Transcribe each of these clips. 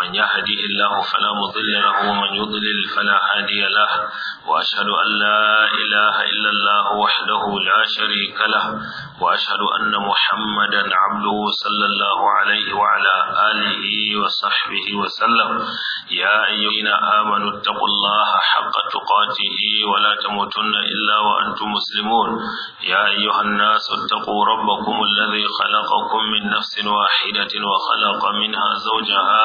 من يهدي الله فلا مضل له ومن يضلل فلا هادي له وأشهد أن لا إله إلا الله وحده لا شريك له وأشهد أن محمدا عبده صلى الله عليه وعلى آله وصحبه وسلم يا أيها آمنوا اتقوا الله حق تقاته ولا تموتن إلا وأنتم مسلمون يا أيها الناس اتقوا ربكم الذي خلقكم من نفس واحدة وخلق منها زوجها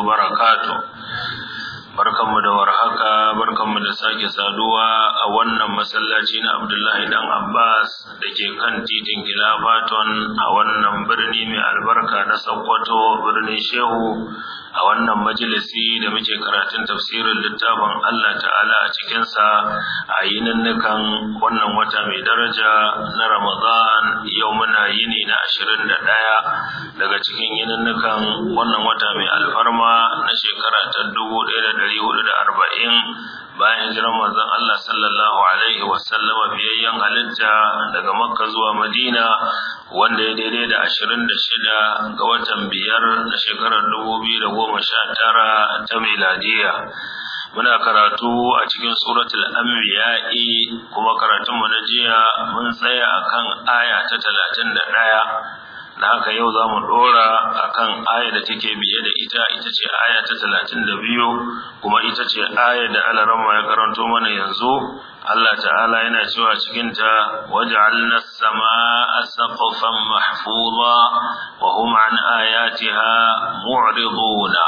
wabarakatuh. barkanmu da warhaka barkanmu da sake saduwa a wannan masallaci na Abdullahi dan Abbas da ke kan titin Kilafaton a wannan birni mai albarka na Sokoto birnin Shehu a wannan majalisi da muke karatun tafsirin littafin Allah ta'ala a cikinsa a nannukan wannan wata mai daraja na Ramadan yau muna yini na ashirin da ɗaya daga cikin yininnikan wannan wata mai alfarma na shekara ta dubu ɗaya da ɗari hudu da arba'in bayan hijiran manzon Allah sallallahu alaihi wa sallama biyayyen halitta daga Makka zuwa Madina wanda ya daidai da ashirin da shida ga watan biyar na shekarar dubu biyu da goma sha tara ta miladiya. Muna karatu a cikin suratul Anbiya'i kuma karatunmu na jiya mun tsaya akan aya ta talatin da ɗaya. da haka yau za mu ɗora a kan aya da take biye da ita ita ce aya ta talatin da biyu kuma ita ce aya da alarama ya karanto mana yanzu Allah ta'ala yana cewa cikinta waj'alna as-samaa'a saqfan mahfuza wa hum an ayatiha mu'riduna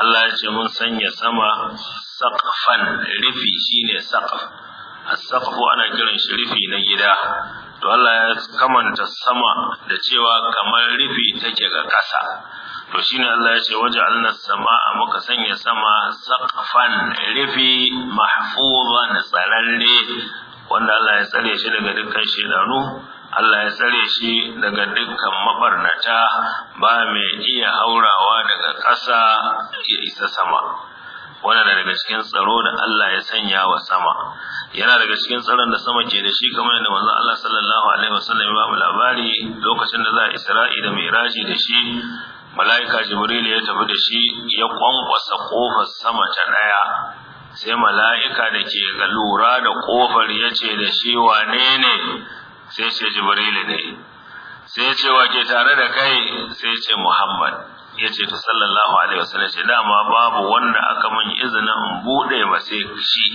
Allah ya ce mun sanya sama saqfan rufi shine saqf as-saqfu ana kiran shi rufi na gida to Allah ya kamanta sama da cewa kamar rufi take ga ƙasa to shine Allah ya ce sama sama'a muka sanya sama saqfan rufi mahfuzan tsalalle wanda Allah ya tsare shi daga dukkan shedaru Allah ya tsare shi daga dukkan mabarnata ba mai iya haurawa daga ƙasa ya isa sama wannan daga cikin tsaro da Allah ya sanya wa sama yana daga cikin tsaron da sama ke da shi kamar yadda manzo Allah sallallahu alaihi wasallam ya labari lokacin da za a Isra'i da Mi'raji da shi mala'ika Jibril ya tafi da shi ya kwankwasa kofar sama ta daya sai mala'ika da ke ga lura da kofar ya ce da shi wane ne sai ce Jibril ne sai ce wa ke tare da kai sai ce Muhammad ya ce to sallallahu alaihi wasallam ce dama babu wanda aka min izinin in bude ba sai shi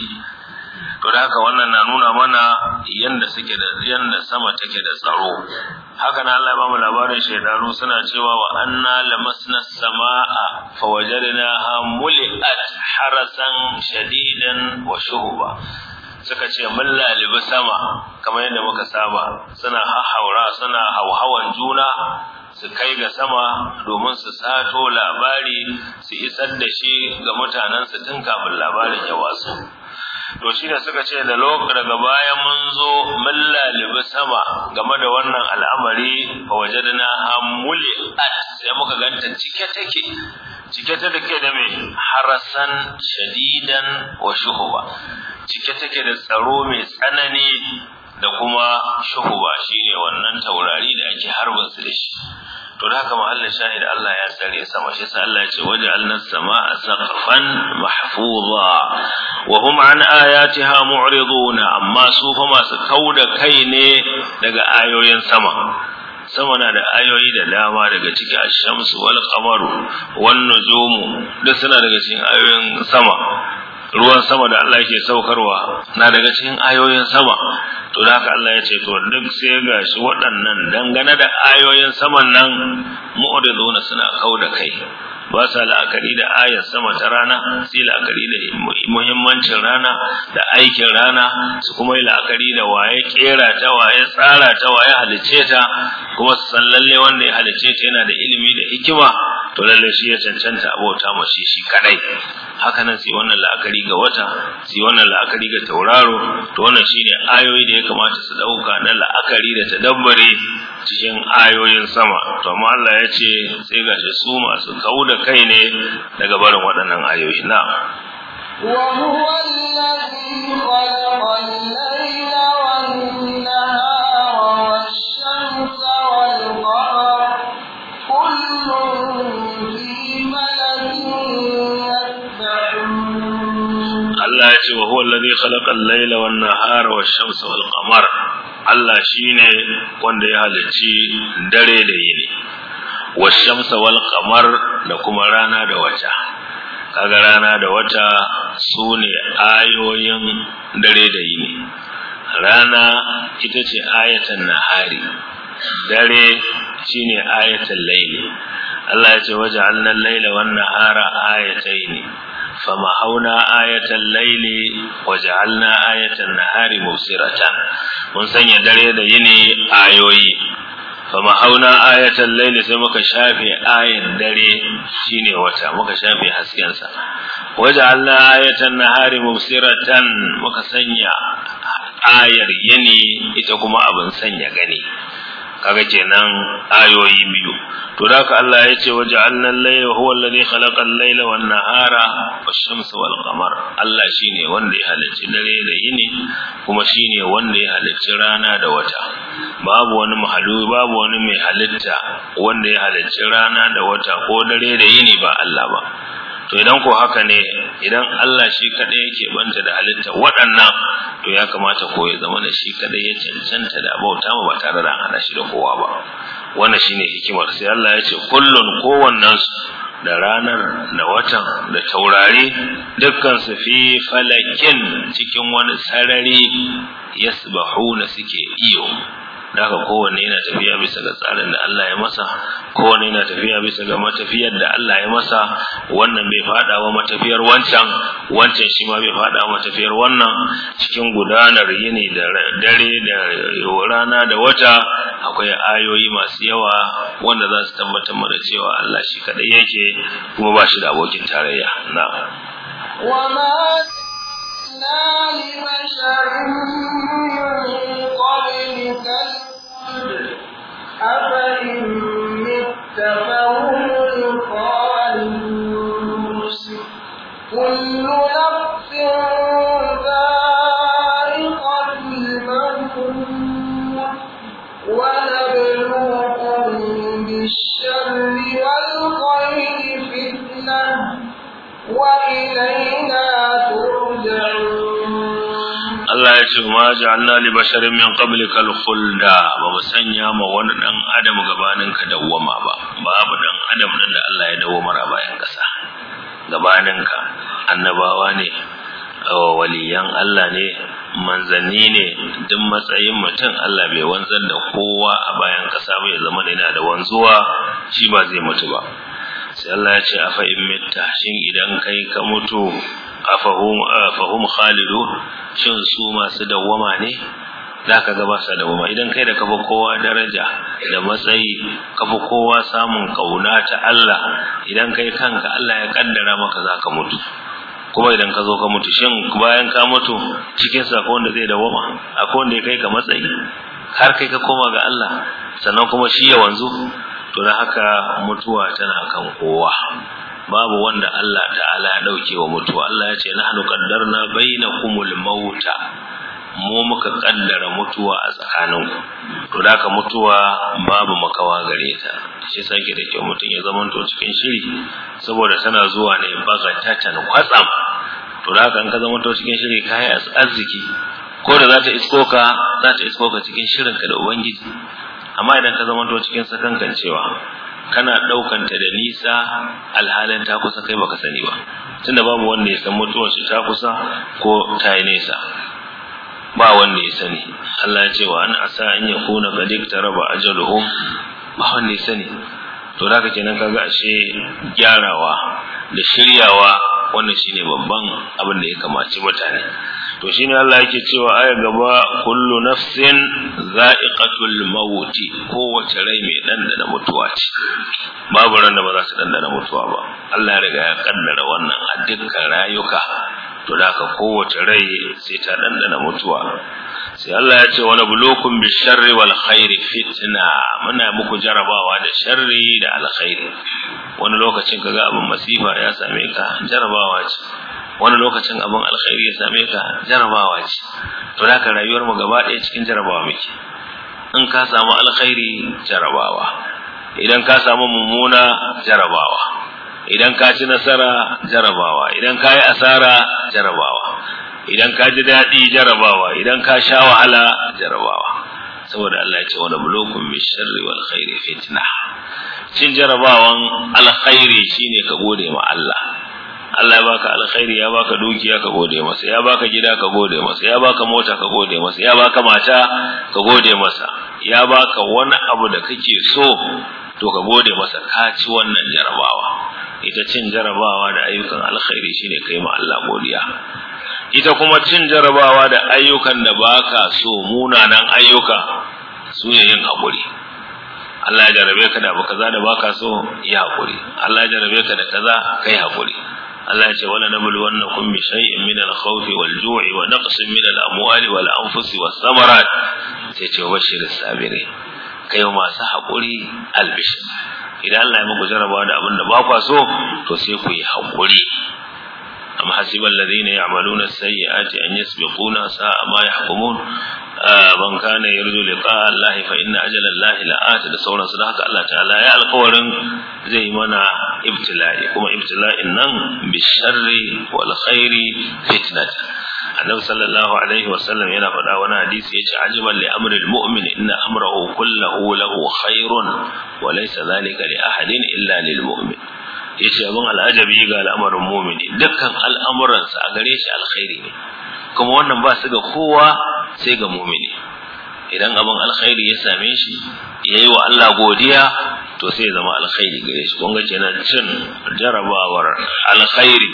to da haka wannan na nuna mana yanda suke da yanda sama take da tsaro haka na Allah ya bamu labarin shaidanu suna cewa wa anna lamasna samaa fa wajadnaha muli'at harasan shadidan wa shuhuba suka ce mun lalibi sama kamar yadda muka saba suna hahaura suna hauhawan juna su kai ga sama domin su sato labari su isar da shi ga mutanensu tun kafin labarin ya waso. to shi da suka ce da lokacin daga baya mun zo mun lalibi sama game da wannan al'amari a waje na hamuli sai muka ganta cike take cike ta da ke da mai harasan shadidan wa shuhuba cike take da tsaro mai tsanani da kuma shuhuba shine wannan taurari da ake harbin su da shi to da haka mahallin da Allah ya tsare sama shi yasa Allah ya ce waje as-samaa saqfan mahfuza wa hum an ayatiha mu'riduna amma su fa masu kauda kai ne daga ayoyin sama sama na da ayoyi da dama daga ciki ash-shamsu wal qamaru wan nujumu duk suna daga cikin ayoyin sama ruwan sama da Allah yake saukarwa na daga cikin ayoyin sama to da haka Allah ya ce to duk sai ga shi waɗannan dangane da ayoyin saman nan na suna kauda kai ba sa la'akari da ayar sama ta rana sai la'akari da muhimmancin rana da aikin rana su kuma yi la'akari da waye kera ta waye tsara ta waye halice ta kuma su san lalle wanda ya halice ta yana da ilimi da hikima to lalle shi ya cancanta abota mashi shi kadai haka nan sai wannan la'akari ga wata sai wannan la'akari ga tauraro to wannan shine ayoyi da ya kamata su dauka na la'akari da tadabbare cikin ayoyin sama to amma Allah ya ce sai gashi su masu kauda kai ne daga barin waɗannan ayoyi na وهو الذي خلق الليل والنهار Allah ya ce wa huwa allazi khalaqa al-laila wan-nahara wash-shamsa wal-qamar Allah shine wanda ya halicci dare da yini wash-shamsa wal-qamar da kuma rana da wata kaga rana da wata su ne ayoyin dare da yini rana ita ce ayatan nahari dare shine ayatan laili Allah ya ce waja'alna al-laila wan nahara ayatayn hauna ayatan laili waja'alna ayatan nahari mubsiratan mun sanya dare da yini ayoyi fama hauna ayatan laili sai muka shafe ayin dare shine wata muka shafe hasken sa waje Allah ayatan nahari mubsiratan muka sanya ayar yini ita kuma abin sanya gani kaga kenan ayoyi biyu to da haka Allah ya ce waje al-layla huwa alladhi khalaqa al-layla wan nahara wash-shamsa wal qamar Allah shine wanda ya halicci dare da yini kuma shine wanda ya halicci rana da wata babu wani mahalu babu wani mai halitta wanda ya halicci rana da wata ko dare da yini ba Allah ba to idan ko haka ne idan Allah shi kadai yake banta da halitta waɗannan to ya kamata ko ya zama da shi kadai ya cancanta da bauta ba tare da hana shi da kowa ba wannan shine hikimar sai Allah ya ce kullun kowannan su da ranar da watan da taurari dukkan su fi falakin cikin wani sarari yasbahuna suke iyo da haka kowanne yana tafiya bisa ga tsarin da Allah ya masa kowanne yana tafiya bisa ga matafiyar da Allah ya masa wannan bai fada wa matafiyar wancan wancan shi ma bai fada wa matafiyar wannan cikin gudanar yini da dare da rana da wata akwai ayoyi masu yawa wanda za su tabbatar mana cewa Allah shi kadai yake kuma ba shi da abokin tarayya na wa ma من قبلك أفإن مت فهم Allah ya ce ma ja'alna li basharin min qablikal khulda ba mu sanya ma wani dan adam gabanin ka dawwama ba babu dan adam nan da Allah ya dawwama a bayan kasa gabanin ka annabawa ne waliyan Allah ne manzanni ne duk matsayin mutum Allah bai wanzar da kowa a bayan kasa ba ya zama da yana da wanzuwa shi ba zai mutu ba sai Allah ya ce afa in mitta shin idan kai ka mutu afahum khalidu shin su masu dawwama ne ka ga ba su dawwama idan kai da kafa kowa daraja da matsayi kafa kowa samun kauna ta Allah idan kai kanka Allah ya kaddara maka za ka mutu kuma idan ka zo ka mutu shin bayan ka mutu cikin ko wanda zai dawwama akwai wanda ya kai ka matsayi har kai ka koma ga Allah sannan kuma shi ya wanzu to da haka mutuwa tana kan kowa babu wanda Allah ta'ala ya dauke wa mutuwa Allah ya ce nahnu qaddarna bainakumul mauta mu muka kaddara mutuwa a tsakaninku to da ka mutuwa babu makawa gare ta shi sake da kyau mutum ya zama to cikin shiri saboda tana zuwa ne bagatatan kwatsam to da ka ka zama to cikin shiri kai arziki ko da za ta isko ka za ta isko ka cikin shirinka da ubangiji amma idan ka zama to cikin sakankancewa kana ɗaukanta da nisa alhalin ta kusa kai baka sani ba tunda babu wanda ya san mutuwar shi ta kusa ko ta yi nesa ba wanda ya sani Allah ya ce wa an asa an ya kuna ga raba taraba ajaluhum ba wanda ya sani to da ka kenan kaga ashe gyarawa da shiryawa wannan shine babban abin da ya kamace mutane to shine Allah yake cewa aya gaba kullu nafsin za'iqatul maut kowace rai mai dandana mutuwa ce babu ran da ba za su dandana mutuwa ba Allah ya riga ya kaddara wannan a dukkan rayuka to da ka kowace rai sai ta dandana mutuwa sai Allah ya ce wala bulukum sharri wal khairi fitna muna muku jarabawa da sharri da alkhairi wani lokacin kaga abin masifa ya same ka jarabawa ce wani lokacin abin alkhairi ya same ka jarabawa ce to da ka rayuwar mu gaba ɗaya cikin jarabawa muke in ka samu alkhairi jarabawa idan ka samu mummuna jarabawa idan ka ci nasara jarabawa idan ka yi asara jarabawa idan ka ji daɗi jarabawa idan ka sha wahala jarabawa saboda Allah ya ce wala bulukum bi sharri wal khairi fitna cin jarabawan alkhairi shine ka gode ma Allah Allah ya baka alkhairi ya baka dukiya ka gode masa ya baka gida ka gode masa ya baka mota ka gode masa ya baka mata ka gode masa ya baka wani abu da kake so to ka gode masa ka ci wannan jarabawa ita cin jarabawa da ayyukan alkhairi shine kai ma Allah godiya ita kuma cin jarabawa da ayyukan da baka so munanan ayyuka su ne yin hakuri Allah ya jarabe ka da kaza da baka so yi hakuri Allah ya jarabe ka da kaza kai hakuri Allah ya ce wala nabluwannakum bi shay'in min al-khawf wal-ju'i wa naqsin min al-amwali wal-anfusi was-samarat sai ce bashir sabiri kai masu hakuri albishir idan Allah ya muku jarabawa da abin da ba kwa so to sai ku yi hakuri أم حسب الذين يعملون السيئات an يسبقونا ساء ما يحكمون man kana yarju liqa Allah fa inna ajala Allah la'at da sauransu da haka Allah ta'ala ya alƙawarin zai mana ibtila'i kuma ibtila'in nan bi sharri wal khairi fitnat annabi sallallahu alaihi wasallam yana faɗa wani hadisi yace ajiban li amril mu'min inna amrahu kullahu lahu khairun wa laysa dhalika li ahadin illa lil mu'min yace abin al'ajabi ga al'amarin mu'mini dukkan al'amuransa a gare shi alkhairi ne kuma wannan ba su ga kowa sai ga mu'mini idan abin alkhairi ya same shi yayi wa Allah godiya to sai ya zama alkhairi gare shi kun ga kenan cin jarabawar alkhairi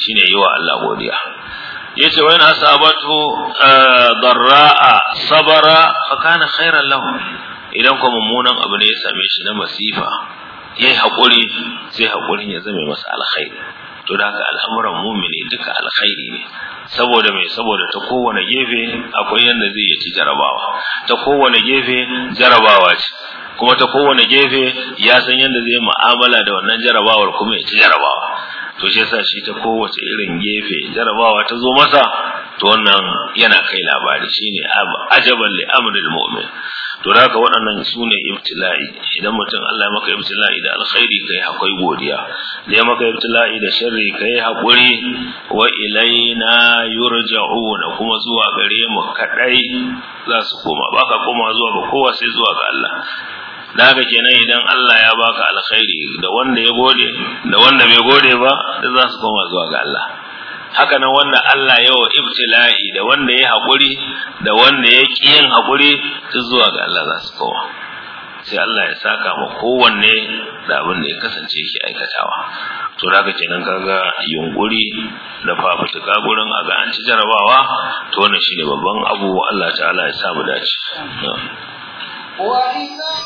shine yi wa Allah godiya yace wa yana sabatu eh, darra'a sabara fa khairan lahu idan kuma mummunan abu ne ya same shi na masifa yayi hakuri sai haƙurin ya zame masa alkhairi to da haka al'amuran mumini duka alkhairi ne saboda mai saboda ta kowane gefe akwai yanda zai ci jarabawa ta kowane gefe jarabawa ce kuma ta kowane gefe ya san yanda zai mu'amala da wannan jarabawar kuma ya ci jarabawa to shi yasa shi ta kowace irin gefe jarabawa ta zo masa to wannan yana kai labari shine ajaban li amril mu'min to haka waɗannan sune ibtila'i idan mutum Allah ya maka ibtila'i da alkhairi kai akwai godiya da ya maka ibtila'i da sharri kai hakuri wa ilaina yurja'un kuma zuwa gare mu kadai za su koma baka koma zuwa ba, kowa sai zuwa ga Allah daga kenan idan Allah ya baka alkhairi da wanda ya gode da wanda bai gode ba da za su koma zuwa ga Allah haka nan wanda Allah ya wa ibtila'i da wanda ya hakuri, da wanda ya ƙi yin haƙuri su zuwa ga Allah za su koma sai Allah ya saka ma kowanne da abin da ya kasance shi aikatawa to daga kenan kaga yunƙuri da fafutuka gurin a ga an ci jarabawa to wannan shine babban abu Allah ta'ala ya sa mu dace that?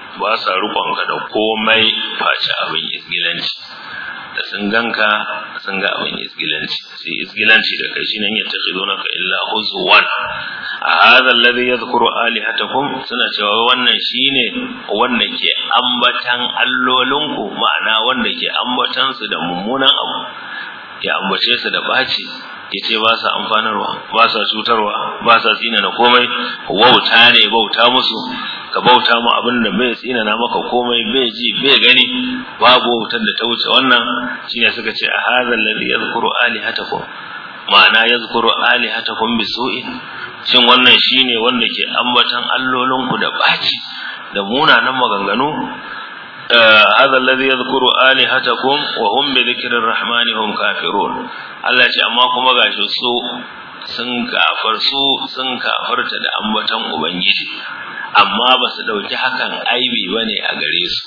ba sa rukonka da komai face abin izgilanci da sun ganka sun ga abin izgilanci sai izgilanci da kai shine ya ka illa huzwan a hadha alladhi yadhkuru alihatakum suna cewa wannan shine wanda ke ambatan allolinku ma'ana wanda ke ambatan su da mummunan abu ya ambace su da baci yace ba sa amfanarwa ba sa cutarwa ba sa tsina na komai wauta ne bauta musu ka bauta mu abin da bai na maka komai bai ji bai gani babu wutar da ta wuce wannan shine suka ce a hadha alladhi yadhkuru alihatakum ma'ana yadhkuru alihatakum bisu'in shin wannan shine wanda ke ambatan allolinku da baci da munanan maganganu هذا الذي يذكر آلهتكم وهم بذكر الرحمن هم كافرون Allah ce amma kuma gashi su sun kafar su sun kafarta da ambaton ubangiji amma ba su ɗauki hakan aibi ba ne a gare su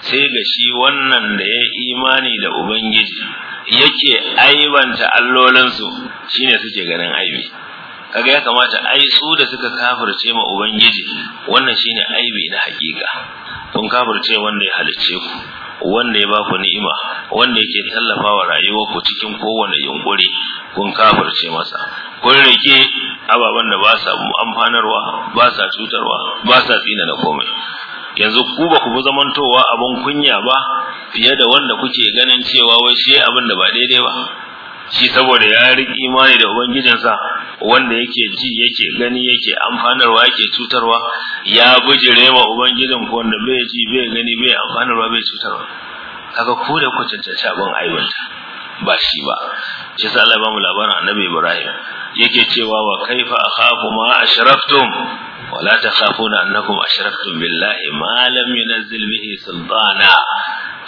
sai ga shi wannan da ya imani da ubangiji yake aibanta allolinsu shine suke ganin aibi kaga ya kamata ai su da suka kafirce ma ubangiji wannan shine aibi na hakika kun kafirce wanda ya halicce ku wanda ya ba ku ni'ima wanda yake tallafa wa rayuwarku cikin kowane yunƙuri, kun kafirce masa kun rike ababen da ba sa amfanarwa ba sa cutarwa ba sa tsina na komai yanzu ku ba ku zamantowa abin kunya ba fiye da wanda kuke ganin cewa wai shi abin da ba daidai ba shi saboda ya riƙi imani da ubangijinsa wanda yake ji yake gani yake amfanarwa yake cutarwa ya bujire ma ubangijin ku wanda bai ji bai gani bai amfanarwa bai cutarwa kaga ku da ku cancanci abin aibinta, ba shi ba shi sa Allah ba mu labarin annabi Ibrahim yake cewa wa kaifa akhafu ma ashraftum wala takhafuna annakum ashraftum billahi ma lam yunzil bihi sultana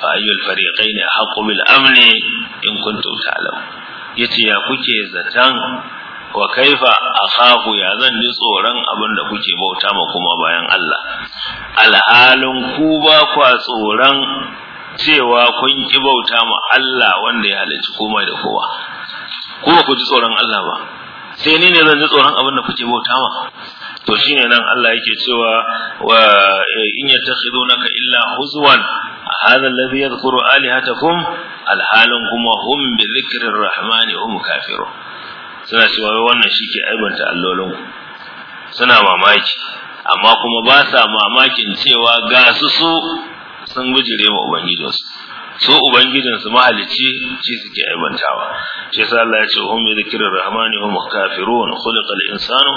fa ayyul fariqayn ahqqu bil amn in kuntum ta'lamun yace ya kuke zatan wa kaifa akhafu ya zan ji tsoron abin da kuke bauta ma kuma bayan Allah alhalin ku ba kwa tsoron cewa kun ki bauta ma Allah wanda ya halicci komai da kowa kuma ku ji tsoron Allah ba sai ni ne zan ji tsoron abin da kuke bauta ma to shine nan Allah yake cewa wa eh, in yattakhidunaka illa huzwan hadha alladhi yadhkuru alihatakum alhalun kuma hum bi dhikri arrahmani hum kafirun suna cewa wannan shike aibanta allolin suna mamaki amma kuma ba sa mamakin cewa ga su su sun gujire ma ubangijinsu su ubangijin su mahalicci ci suke aibantawa shi yasa Allah ya ce hum bi dhikri rahmani hum kafirun khuliqa al insanu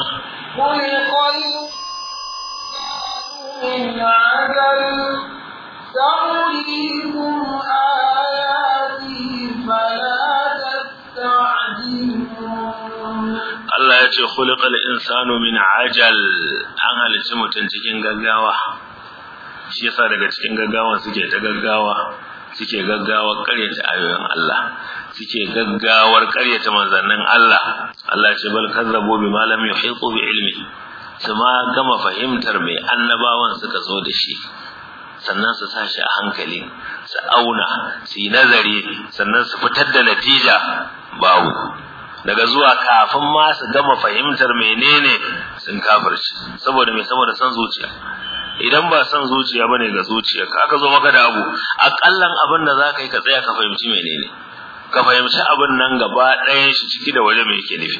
Allah ya ce khuliqa al insanu min ajal an halicci mutum cikin gaggawa shi yasa daga cikin gaggawa suke ta gaggawa suke gaggawar karyata ayoyin Allah suke gaggawar karyata manzannin Allah Allah ya ce bal kazzabu bima lam yuhitu bi ilmi ma gama fahimtar mai annabawan suka zo da shi sannan su sashi a hankali su auna su yi nazari sannan su fitar da natija babu daga zuwa kafin ma su gama fahimtar menene sun kafirci saboda mai saboda san zuciya idan ba son zuciya bane ga zuciya, zuciyarka aka zo maka da abu akallan abin da zaka yi ka tsaya ka fahimci menene ka fahimci abin nan gaba ɗayan shi ciki da waje me yake nufi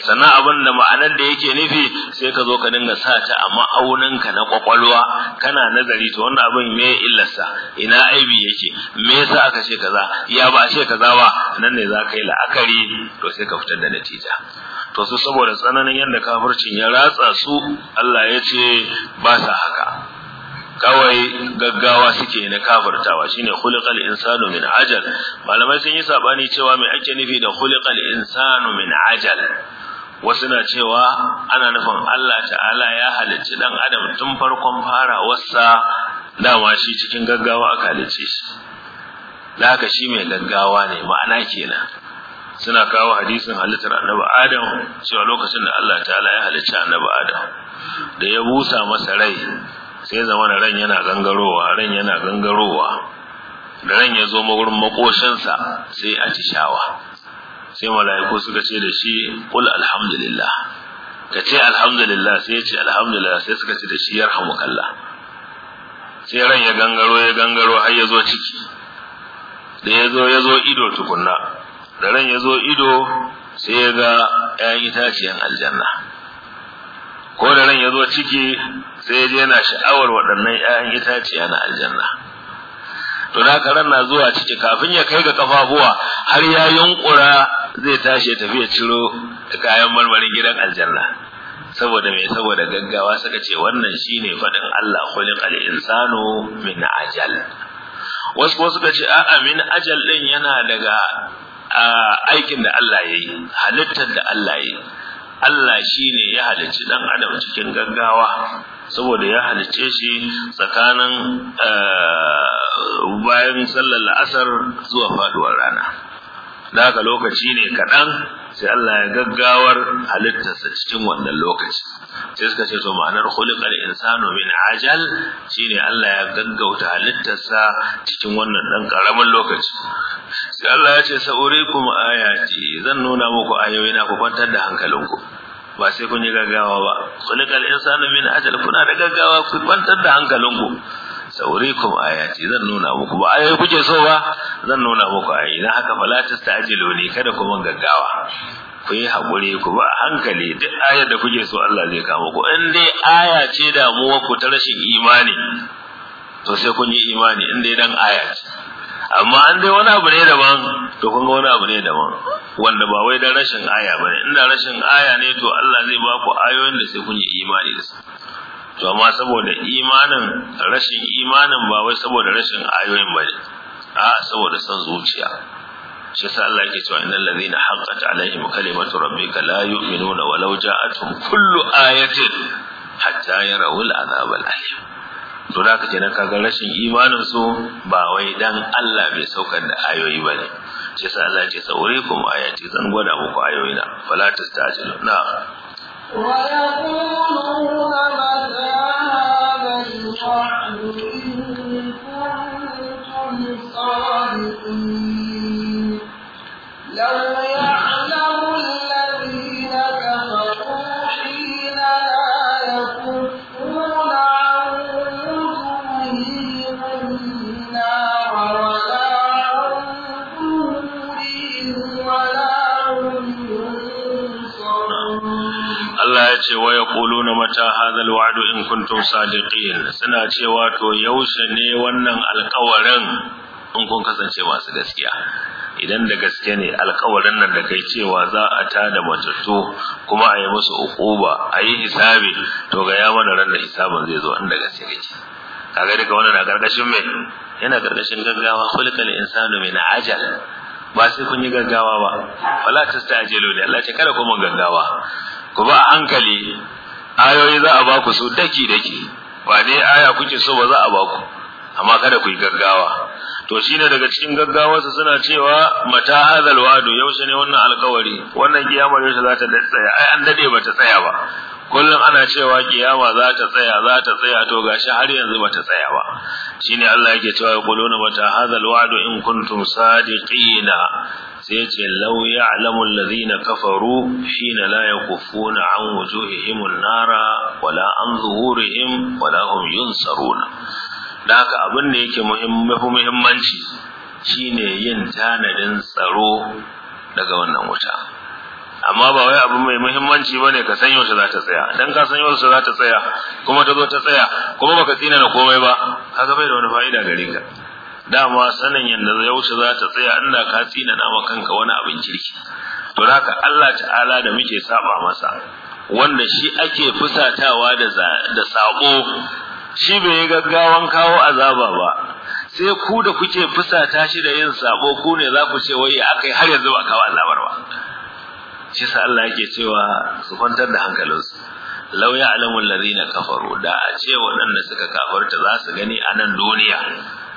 sannan abin da ma'anar da yake nufi sai ka zo ka dinga sa ta a ma'auninka na kwakwalwa kana nazari to wannan abin me illarsa ina aibi yake me yasa aka ce kaza ya ba ce kaza ba nan ne za ka yi la'akari to sai ka fitar da natija to su saboda tsananin yadda kafircin ya ratsa su Allah ya ce ba sa haka kawai gaggawa suke na kafirtawa shine khuliqal insanu min ajal malamai sun yi sabani cewa mai ake nufi da khuliqal insanu min ajal wasu na cewa ana nufin Allah ta'ala ya halicci dan adam tun farkon farawarsa dama shi cikin gaggawa aka halicce shi da haka shi mai gaggawa ne ma'ana kenan suna kawo hadisin halittar annabi Adam cewa lokacin da Allah ta'ala ya halicci annabi Adam da ya busa masa rai sai zamana ran yana gangarowa ran yana gangarowa da ran ya zo magurin makoshinsa sai a shawa. sai mala'iku suka ce da shi qul alhamdulillah ka ce alhamdulillah sai ya ce alhamdulillah sai suka ce da shi yarhamukallah sai ran ya gangaro ya gangaro har ya zo ciki da ya zo ya zo ido tukunna da ran ya zo ido sai ya ga ‘ya'yan itaciyan aljanna ko da ran ya zo ciki sai ya je yana sha'awar waɗannan ‘ya'yan itaciya na aljanna to da ran na zuwa ciki kafin ya kai ga kafafuwa har ya yunƙura zai tashi ya tafi ya ciro kayan marmarin gidan aljanna saboda mai saboda gaggawa suka ce wannan shine faɗin Allah kulin al min ajal wasu kuwa suka ce a min ajal ɗin yana daga aikin da Allah ya yi halittar da Allah ya yi Allah shi ne ya halicci ɗan adam cikin gaggawa saboda ya halicce shi tsakanin bayan sallar la'asar zuwa faɗuwar rana da haka lokaci ne kaɗan sai Allah ya gaggawar halittarsa cikin wannan lokaci sai suka ce to ma'anar khuliqal insanu min ajal shine Allah ya gaggauta halittarsa cikin wannan dan karamin lokaci sai Allah ya ce sa'urikum ayati zan nuna muku ayoyi na ku kwantar da hankalinku ba sai kun yi gaggawa ba khuliqal insanu min ajal kuna da gaggawa ku kwantar da hankalinku saurikum ayati zan nuna muku ba ayoyi kuke so ba zan nuna muku ayi dan haka fala ne kada ku gaggawa ku yi hakuri ku ba hankali duk ayar da kuke so Allah zai kawo ku in dai aya ce damuwa ku ta rashin imani to sai kun yi imani in dai dan aya ce amma an dai wani abu ne daban to kun ga wani abu ne daban wanda ba wai dan rashin aya bane inda rashin aya ne to Allah zai ba ku ayoyin da sai kun yi imani da su to amma saboda imanin rashin imanin ba wai saboda rashin ayoyin ba ne a saboda son zuciya shi yasa Allah yake cewa innal ladhina haqqat alaihim kalimatu rabbika la yu'minuna walau ja'atuhum kullu ayatin hatta yarawul azab alim to da kake nan kaga rashin imanin su ba wai dan Allah bai saukar da ayoyi ba ne shi yasa Allah yake ce ayati zan gwada muku ayoyina fala tastajilu na wa yaqulu ce wa na mata hazal wa'adu in kuntum sadiqin suna cewa to yaushe ne wannan alƙawarin in kun kasance masu gaskiya idan da gaske ne alƙawarin nan da kai cewa za a tada matattu kuma a yi musu uquba a yi hisabi to ga ya mana ran da hisabin zai zo inda gaske kake kaga daga wannan a karkashin me yana karkashin gaggawa khulqal insanu min ajal ba sai kun yi gaggawa ba wala tastajilu ne Allah ya kada ku mun gaggawa ku ba hankali ayoyi za a ba ku su daki daki ba dai aya kuke so ba za a ba ku amma kada ku yi gaggawa to shine daga cikin su suna cewa mata hadal wadu yaushe ne wannan alkawari wannan kiyamar yaushe za ta tsaya ai an dade ba ta tsaya ba kullum ana cewa kiyama za ta tsaya za ta tsaya to gashi har yanzu bata tsaya ba shine Allah yake cewa yaquluna mata hadhal wa'du in kuntum sadiqina sai lauya law ya'lamu alladhina kafaru hina la yakuffuna an wujuhihim an-nara wala an zuhurihim wala hum yunsaruna da haka abin da yake muhimmanci shine yin tanadin tsaro daga wannan wuta amma ba wai abu mai muhimmanci bane ka san yaushe za ta tsaya dan ka san yaushe za ta tsaya kuma ta zo ta tsaya kuma baka tsina na komai ba kaga bai da wani fa'ida gare ka dama sanin yanda yaushe za ta tsaya inda ka tsina na kanka wani abin kirki to haka Allah ta'ala da muke saba masa wanda shi ake fusatawa da da sabo shi bai gaggawan kawo azaba ba sai ku da kuke fusata shi da yin sabo ku ne za ku ce wai akai har yanzu ba kawo azabar ba shi sa Allah yake cewa su kwantar da hankalinsu law ya'lamu alladhina kafaru da a ce waɗanda suka kafarta za su gani a nan duniya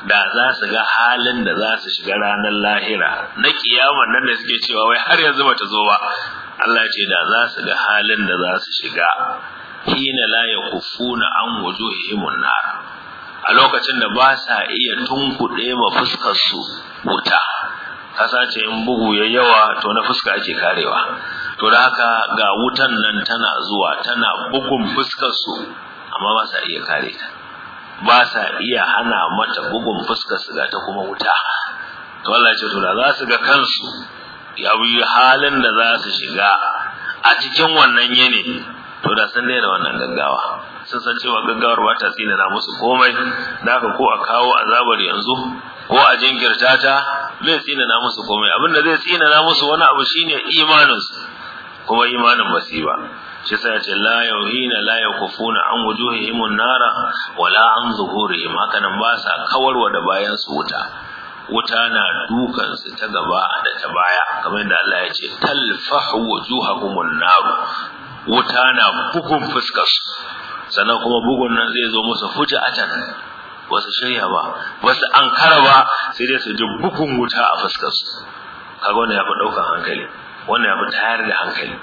da za su ga halin da za su shiga ranar lahira na kiyamar nan da suke cewa wai har yanzu ba ta zo ba Allah ce da za su ga halin da za su shiga hina la yakufuna an wujuhihim nar a lokacin da ba sa iya tunkuɗe ma fuskar su wuta kasa ce in bugu ya yawa to na fuska ake karewa to da haka ga wutan nan tana zuwa tana bugun fuskarsu su amma ba sa iya kare ta ba sa iya hana mata bugun fuskar su ga ta kuma wuta to Allah ya ce to da za su ga kansu ya bi halin da za su shiga a cikin wannan yini to da sun da wannan gaggawa sun san cewa gaggawar ba ta tsina na musu komai da ka ko a kawo azabar yanzu ko a jinkirta ta tsina tsinana musu komai abin da zai tsinana musu wani abu shine imaninsu kuma imanin masiba shi sai ce la yauhina la yakufuna an wujuhihim nara wala an zuhurihim haka nan ba sa kawarwa da bayan su wuta wuta na dukan su ta gaba da ta baya kamar yadda Allah ya ce talfahu wujuhakum nar wuta na bugun fuskar su sannan kuma bugun nan zai zo musu a tana ba su shirya ba ba su ankara ba sai dai su ji bukun wuta a fuskar su kaga wannan ya fi ɗaukar hankali wannan ya fi tayar da hankali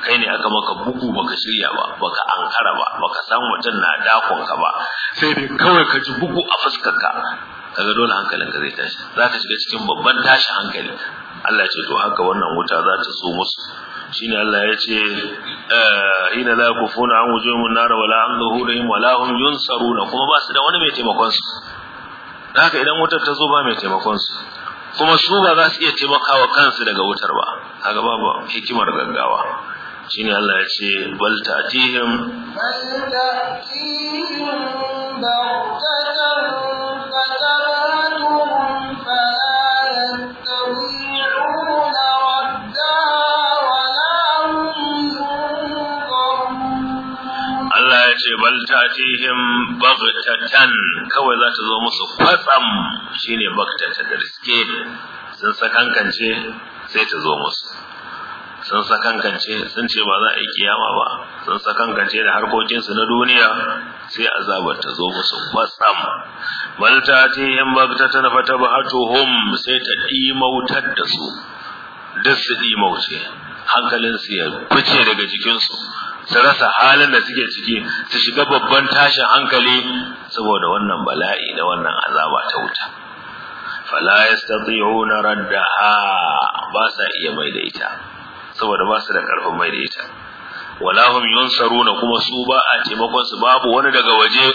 kai ne aka maka bugu baka shirya ba baka ankara ba baka san mutum na dakon ka ba sai dai kawai ka ji bugu a fuskar ka kaga dole hankalin ka zai tashi za ka shiga cikin babban tashi hankali Allah ya ce to haka wannan wuta za ta so musu shine Allah ya ce eh, ina la kufuna an wujuhum nar wala an zuhurihim wala hum yunsaruna kuma ba su da wani mai taimakon su haka idan wutar ta zo ba mai taimakon su kuma su ba za su iya taimakawa kansu daga wutar ba Haka babu hikimar gaggawa shine Allah ya ce bal ta'tihim bal ta'tihim ce bal ta'tihim baghtatan kawai za ta zo musu fatsam shine baghtatan da riske sun sakankance sai ta zo musu sun sakankance sun ce ba za a yi kiyama ba sun sakankance da harkokinsu na duniya sai azabar ta zo musu fatsam bal ta'tihim baghtatan fatabhatuhum sai ta dimautar da su duk su dimauce hankalinsu ya fice daga jikinsu su rasa halin da suke ciki su shiga babban tashin hankali saboda wannan bala'i da wannan azaba ta wuta fala yastati'una raddaha ba sa iya mai da ita saboda ba su da karfin mai da ita wala hum yunsaruna kuma su ba a taimakon su babu wani daga waje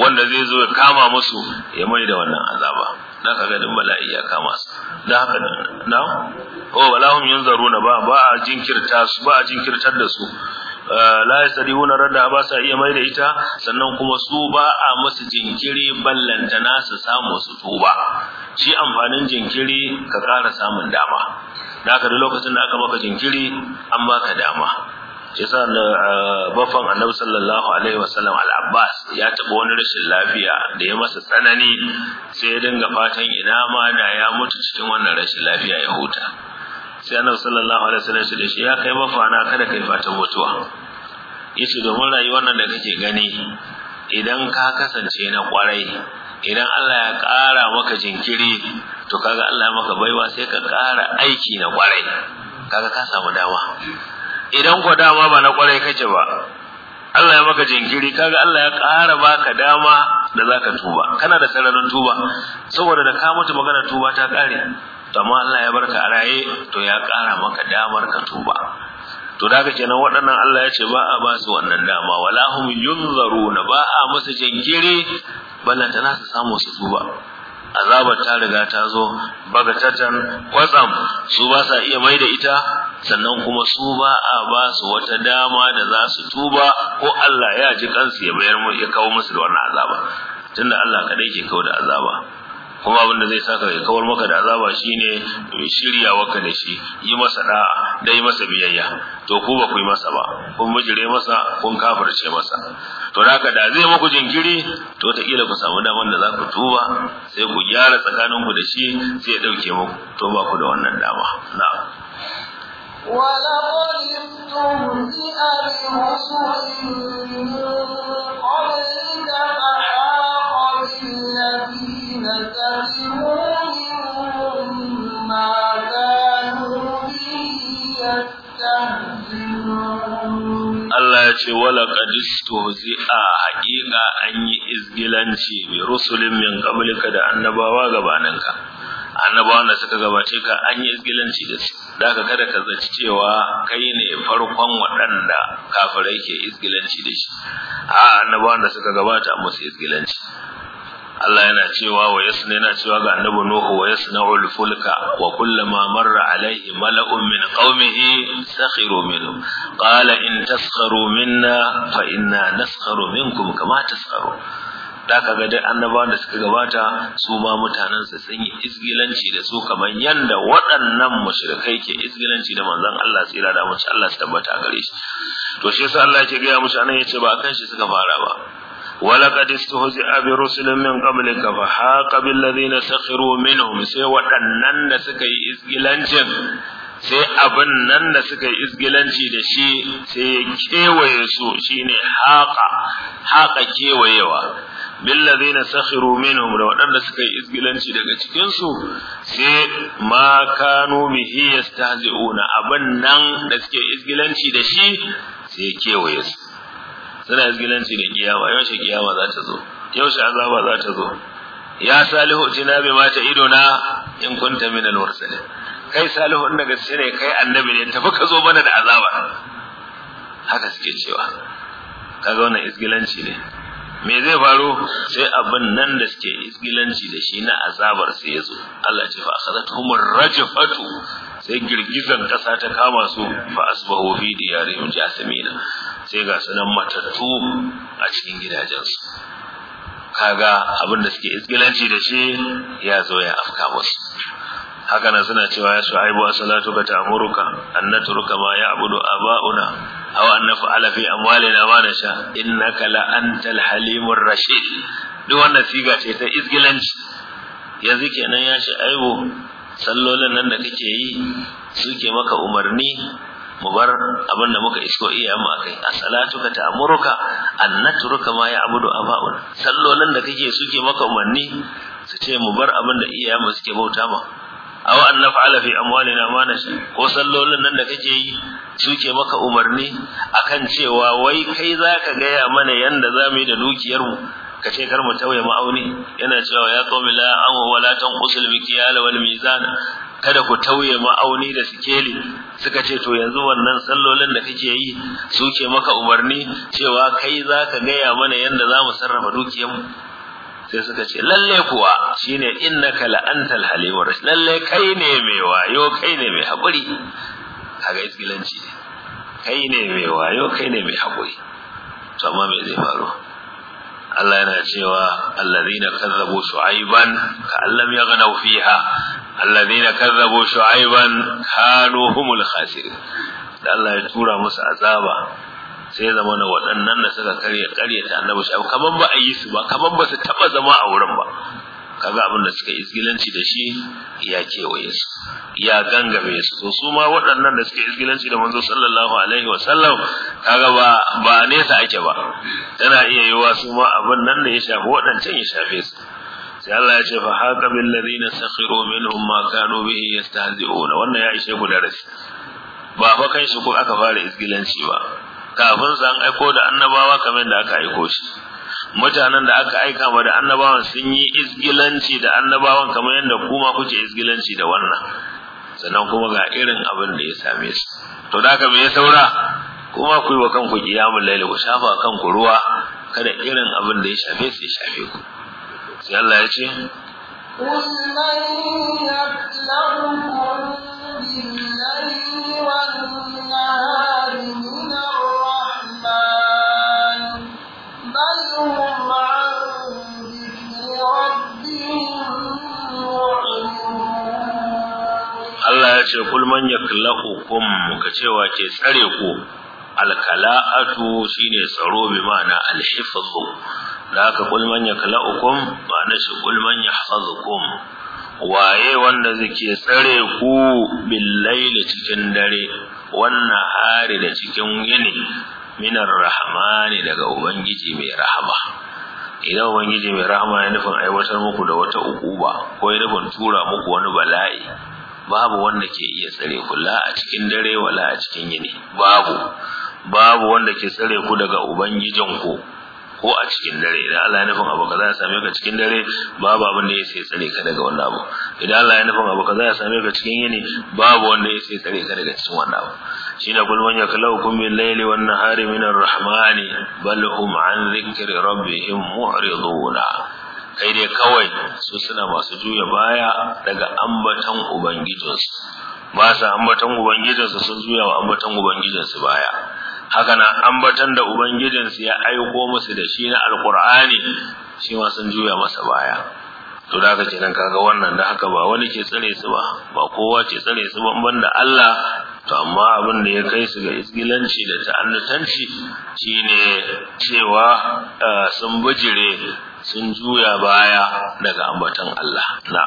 wanda zai zo ya kama musu ya mai da wannan azaba dan kaga din bala'i ya kama su dan haka na oh wala hum yunzaruna ba ba a jinkirta su ba a jinkirtar da su Eh, la yasriuna radda ba sa iya mai da ita sannan kuma su ba a musu jinkiri ballanta nasu samu su tuba shi amfanin jinkiri ka kara samun dama da haka da lokacin da aka baka jinkiri an baka dama shi yasa eh, bafan annabi sallallahu alaihi wasallam al-abbas ya taba wani rashin lafiya da ya masa tsanani sai ya dinga fatan ina ma da ya mutu cikin wannan rashin lafiya ya huta sai annabi sallallahu alaihi wasallam ya da shi ya kai mafana kada kai fatan mutuwa yace domin rayuwar nan da kake gani idan ka kasance na kwarai idan Allah ya ƙara maka jinkiri to kaga Allah ya maka baiwa sai ka ƙara aiki na kwarai kaga ka samu dama idan ko dama ba na kwarai kake ba Allah ya maka jinkiri kaga Allah ya ƙara baka dama da zaka tuba kana da sararin tuba saboda da ka mutu magana tuba ta ƙare amma Allah ya barka a raye to ya ƙara maka damar ka tuba to daga kenan waɗannan Allah ya ce ba a ba su wannan dama wala hum yunzaruna ba a musu jinkiri ballanta ta su samu su tuba azabar ta riga ta zo bagatatan kwatsam su ba sa iya mai da ita sannan kuma su ba a ba su wata dama da za su tuba ko Allah ya ji kansu ya bayar ya kawo musu da wannan azaba tunda Allah kadai ke kawo da azaba kuma abinda zai saka ya kawar maka da azaba shine waka da shi yi masa da'a da yi masa biyayya to ku ba ku yi masa ba kun bijire masa kun kafirce masa to haka da zai muku jinkiri to ta kila ku samu daman da za ku tuba sai ku gyara tsakanin ku da shi sai ya dauke muku to ba ku da wannan dama na'am ولقد Allah ya ce wala qadistuzi a haƙiƙa an yi izgilanci bi rusulin min qablika da annabawa gabaninka annabawan da suka gabace ka an yi izgilanci da su da kada ka zaci cewa kai ne farkon waɗanda kafirai ke izgilanci da shi a annabawan da suka gabata musu izgilanci Allah yana cewa wa yasna yana cewa ga annabi Nuhu wa yasna'ul fulka wa kullama marra alaihi mala'un min qaumihi sakhiru minhu qala in taskharu minna fa inna naskharu minkum kama taskharu da ka dai annabawan da suka gabata su ma mutanen su sun yi izgilanci da su kaman yanda waɗannan mushrikai ke izgilanci da manzon Allah tsira da mace Allah su tabbata gare shi to shi yasa Allah yake ga mushi anan yace ba kan shi suka fara ba ولقد استهزئ برسل من قبلك فحاق بالذين سخروا منهم سي waɗannan da suka yi izgilancin da shi sai kewaye su shine haƙa kewayewa billazina sakhiru minhum da waɗanda suka yi izgilanci daga cikinsu sai ma kanu bihi yastahzi'una abin nan da suke izgilanci da shi sai kewaye su suna izgilanci da kiyama yaushe kiyama za ta zo yaushe azaba za ta zo ya salihu tina bi ma ta na in kunta min al-mursalin kai salihu inda gaske ne kai annabi ne tafi ka zo mana da azaba haka suke cewa kaga wannan izgilanci ne me zai faru sai abin nan da suke isgilanci da shi na azabar sai ya zo Allah ce fa akhadathum rajfatu sai girgizan kasa ta kama su fa asbahu fi diyarihim jasmina sai ga sunan matattu a cikin gidajensu kaga abin da suke iskilanci da shi ya zo ya afka musu haka nan suna cewa ya shu'aibu as ka ta'muruka an natruka ma ya'budu aba'una aw an naf'ala fi amwalina ma nasha innaka la antal halimur rashid duk wannan siga ce ta izgilanci yanzu kenan ya shu'aibu sallolin nan da kake yi suke maka umarni mu bar abin da muka isko iyayen mu akai salatu ka ta'muruka an natruka ma ya'budu aba'un sallolan da kake suke maka umarni su ce mu bar abin da iyayen mu suke bauta ma aw an naf'ala fi amwalina ma nashi ko sallolan nan da kake yi suke maka umarni akan cewa wai kai zaka gaya mana yanda zamu yi da dukiyar mu ka ce kar mu tauye ma'auni yana cewa ya qawmi la an wa la tanqusul mikyala wal mizan kada ku tauye ma'auni da sikeli suka ce to yanzu wannan sallolin da kake yi suke maka umarni cewa kai za ka gaya mana yadda za mu sarrafa dukiyarmu sai suka ce lalle kuwa shine innaka la antal halimur lalle kai ne mai wayo kai ne mai hakuri kaga iskilanci kai ne mai wayo kai ne mai haƙuri? to amma me zai faru Allah yana cewa allazina kazzabu shu'aiban ka'allam yaghnaw fiha allazina kazzabu shu'aiban kanu humul khasirin da Allah ya tura musu azaba sai zama na waɗannan da suka karya karya ta annabi shi ba a su ba kamar ba su taba zama a wurin ba kaga abin da suka izgilanci da shi ya kewaye su ya gangame su So su ma waɗannan da suka izgilanci da manzo sallallahu alaihi wasallam kaga ba ba nesa ake ba tana iya yiwa su ma abin nan da ya shafi waɗancan ya shafe su sai Allah ya ce fa haqa bil ladina sakhiru minhum ma kanu bihi yastahzi'un wannan ya ishe darasi ba fa kai su ko aka fara izgilanci ba kafin san aiko da annabawa kamar da aka aiko shi mutanen da aka aika ma da annabawan sun yi izgilanci da annabawan kamar yadda kuma kuke izgilanci da wannan sannan kuma ga irin abin da ya same su to da me ya saura kuma ku yi wa kanku kiyamun layl ku shafa kanku ruwa kada irin abin da ya shafe su ya shafe ku sai Allah ya ce ce kul man yaklaqukum ka cewa ke tsare ku alkala'atu shine tsaro bi ma'ana alhifzu da haka kul man yaklaqukum ma'ana shi kul man yahfazukum waye wanda zake tsare ku billaili cikin dare wannan hari da cikin yini minar rahmani daga ubangiji mai rahama idan ubangiji mai rahama ya nufin aiwatar muku da wata ukuba ko ya nufin tura muku wani bala'i babu wanda ke iya tsare ku la a cikin dare wala a cikin yini babu babu wanda ke tsare ku daga ku ko a cikin dare idan Allah ya nufin abu kaza ya same ka cikin dare babu abin da ya sai tsare ka daga wannan abu idan Allah ya nufin abu kaza ya same ka cikin yini babu wanda ya sai tsare ka daga cikin wannan abu shine kul man kum min layli wan nahari min ar-rahmani bal hum an dhikri rabbihim mu'ridun kai dai kawai su suna masu juya baya daga ambaton ubangijinsu ba su ambaton ubangijinsu sun juya wa ambaton ubangijinsu baya haka na ambaton da ubangijinsu ya aiko musu da shi na alkur'ani shi ma sun juya masa baya to da haka nan kaga wannan da haka ba wani ke tsare su ba ba kowa ke tsare su ba banda Allah to amma abin da ya kai su ga isgilanci da ta'annatanci shine cewa eh, sun bijire sun juya baya daga ambatan Allah na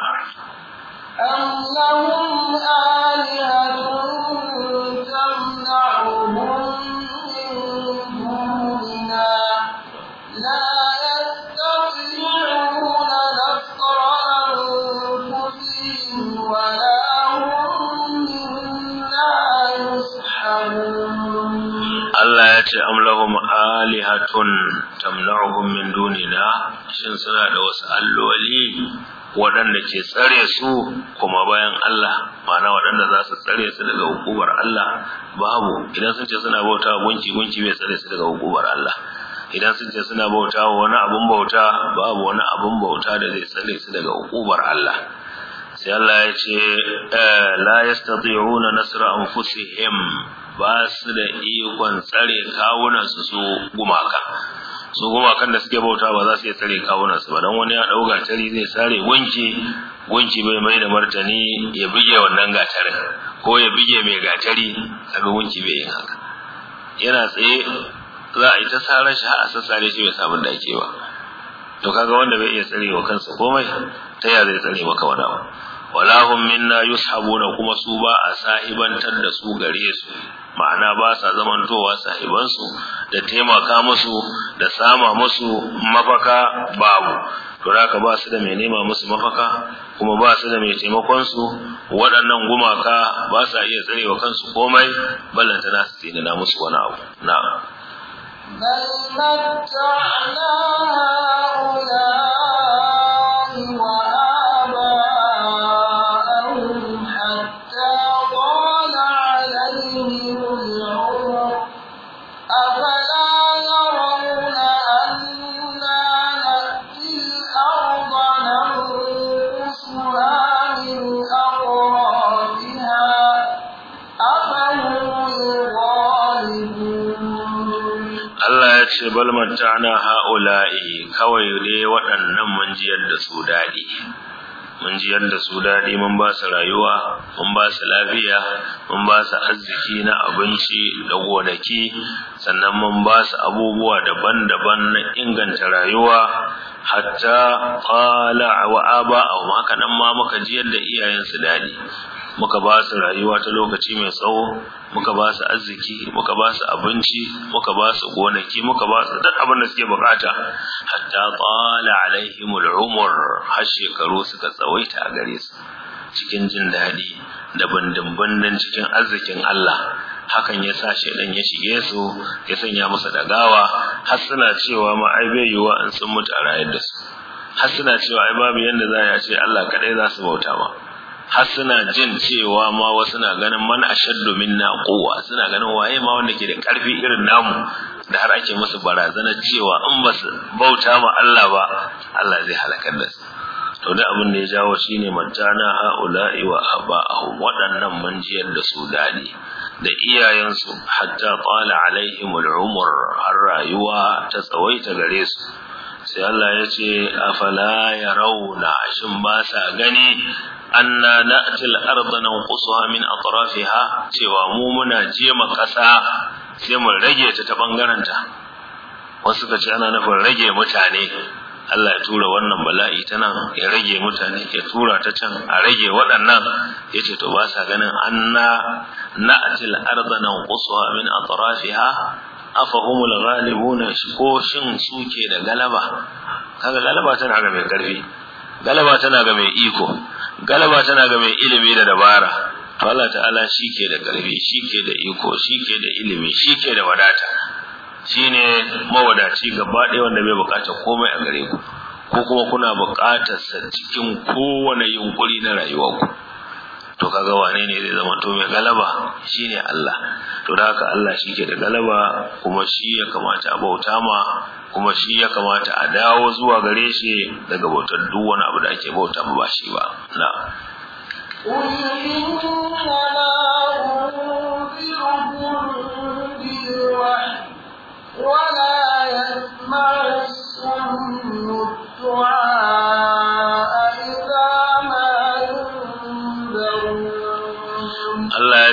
Allah ya ce, Amlahum alihatun tamna'uhum min dunina cikin suna da wasu alloli waɗanda ke tsare su kuma bayan Allah ma'ana waɗanda za su tsare su daga hukumar Allah babu idan sun ce suna bauta gunki gunki bai tsare su daga hukumar Allah idan sun ce suna bauta wani abun bauta babu wani abun bauta da zai tsare su daga hukumar Allah sai Allah ya ce eh, la yastati'una nasra anfusihim ba su da ikon tsare kawunan su su gumaka su gumakan da suke bauta ba za su iya tsare kawunansu ba don wani ya ɗau gatari zai sare gunki gunki bai mai da martani ya bige wannan gatarin ko ya bige mai gatari a ga gunki bai yi haka yana tsaye za a yi ta sare shi har a sassare shi bai samu da ake ba to kaga wanda bai iya tsare wa kansa komai ta ya zai tsare maka wani abu wala hum minna yushabuna kuma su ba a sahibantar da su gare su ma'ana ba sa zamantowa sahibansu da taimaka musu da sama musu mafaka babu to haka ba su da mai nema musu mafaka kuma ba su da mai taimakon su waɗannan gumaka ba sa iya tsarewa kansu komai ballanta na su tsinina musu wani abu na'am bal mata'na ha'ula'i kawai ne waɗannan mun jiyar da su daɗi mun jiyar da su daɗi mun ba su rayuwa mun ba su lafiya mun ba su arziki na abinci da gonaki sannan mun ba su abubuwa daban-daban na inganta rayuwa hatta qala wa aba'ahum haka nan ma muka jiyar da iyayensu daɗi muka ba su rayuwa ta lokaci mai tsawo muka ba su arziki muka ba su abinci muka ba su gonaki muka ba su duk abin da suke bukata hatta tsala alaihim al'umur har shekaru suka tsawaita a gare su cikin jin daɗi da bandan cikin arzikin Allah hakan ya sa shaidan ya shige su ya sanya musu dagawa har suna cewa ma ai bai yiwuwa in sun mutu a rayar da su har suna cewa ai babu yadda za a ce Allah kaɗai za su bauta ba har suna jin cewa ma wasu na ganin man ashaddu minna quwwa suna ganin waye ma wanda ke da karfi irin namu da har ake musu barazana cewa in ba su bauta ma Allah ba Allah zai halakar da su to da abin da ya jawo shine matana haula'i wa aba'ahum waɗannan mun da su dadi da iyayensu hatta qala alaihim umur har rayuwa ta tsawaita gare su sai Allah ya ce afala yarawna shin ba sa gani anna na'ti al-ardha nanqusuha min atrafiha cewa mu muna jema kasa sai mu rage ta ta bangaren ta wasu ce ana nufin rage mutane Allah ya tura wannan bala'i ta nan ya rage mutane ya tura ta can a rage waɗannan ya ce to ba sa ganin anna al arda nanqusuha min atrafiha afahumul ghalibuna ko shin suke da galaba kaga galaba tana ga mai karfi galaba tana ga mai iko galaba tana ga mai ilimi da dabara to Allah ta'ala shike da karfi shike da iko shike da ilimi shike da wadata shine mawadaci gaba ɗaya wanda bai bukatar komai a gare ku ko kuma kuna bukatar sa cikin kowane yunkuri na rayuwarku to kaga wane ne zai zama to mai galaba shine Allah to da haka Allah shi ke da galaba kuma shi ya kamata a bauta ma kuma shi ya kamata a dawo zuwa gare shi daga bautar duk wani abu da ake bauta ba shi ba na ولا يسمع الدعاء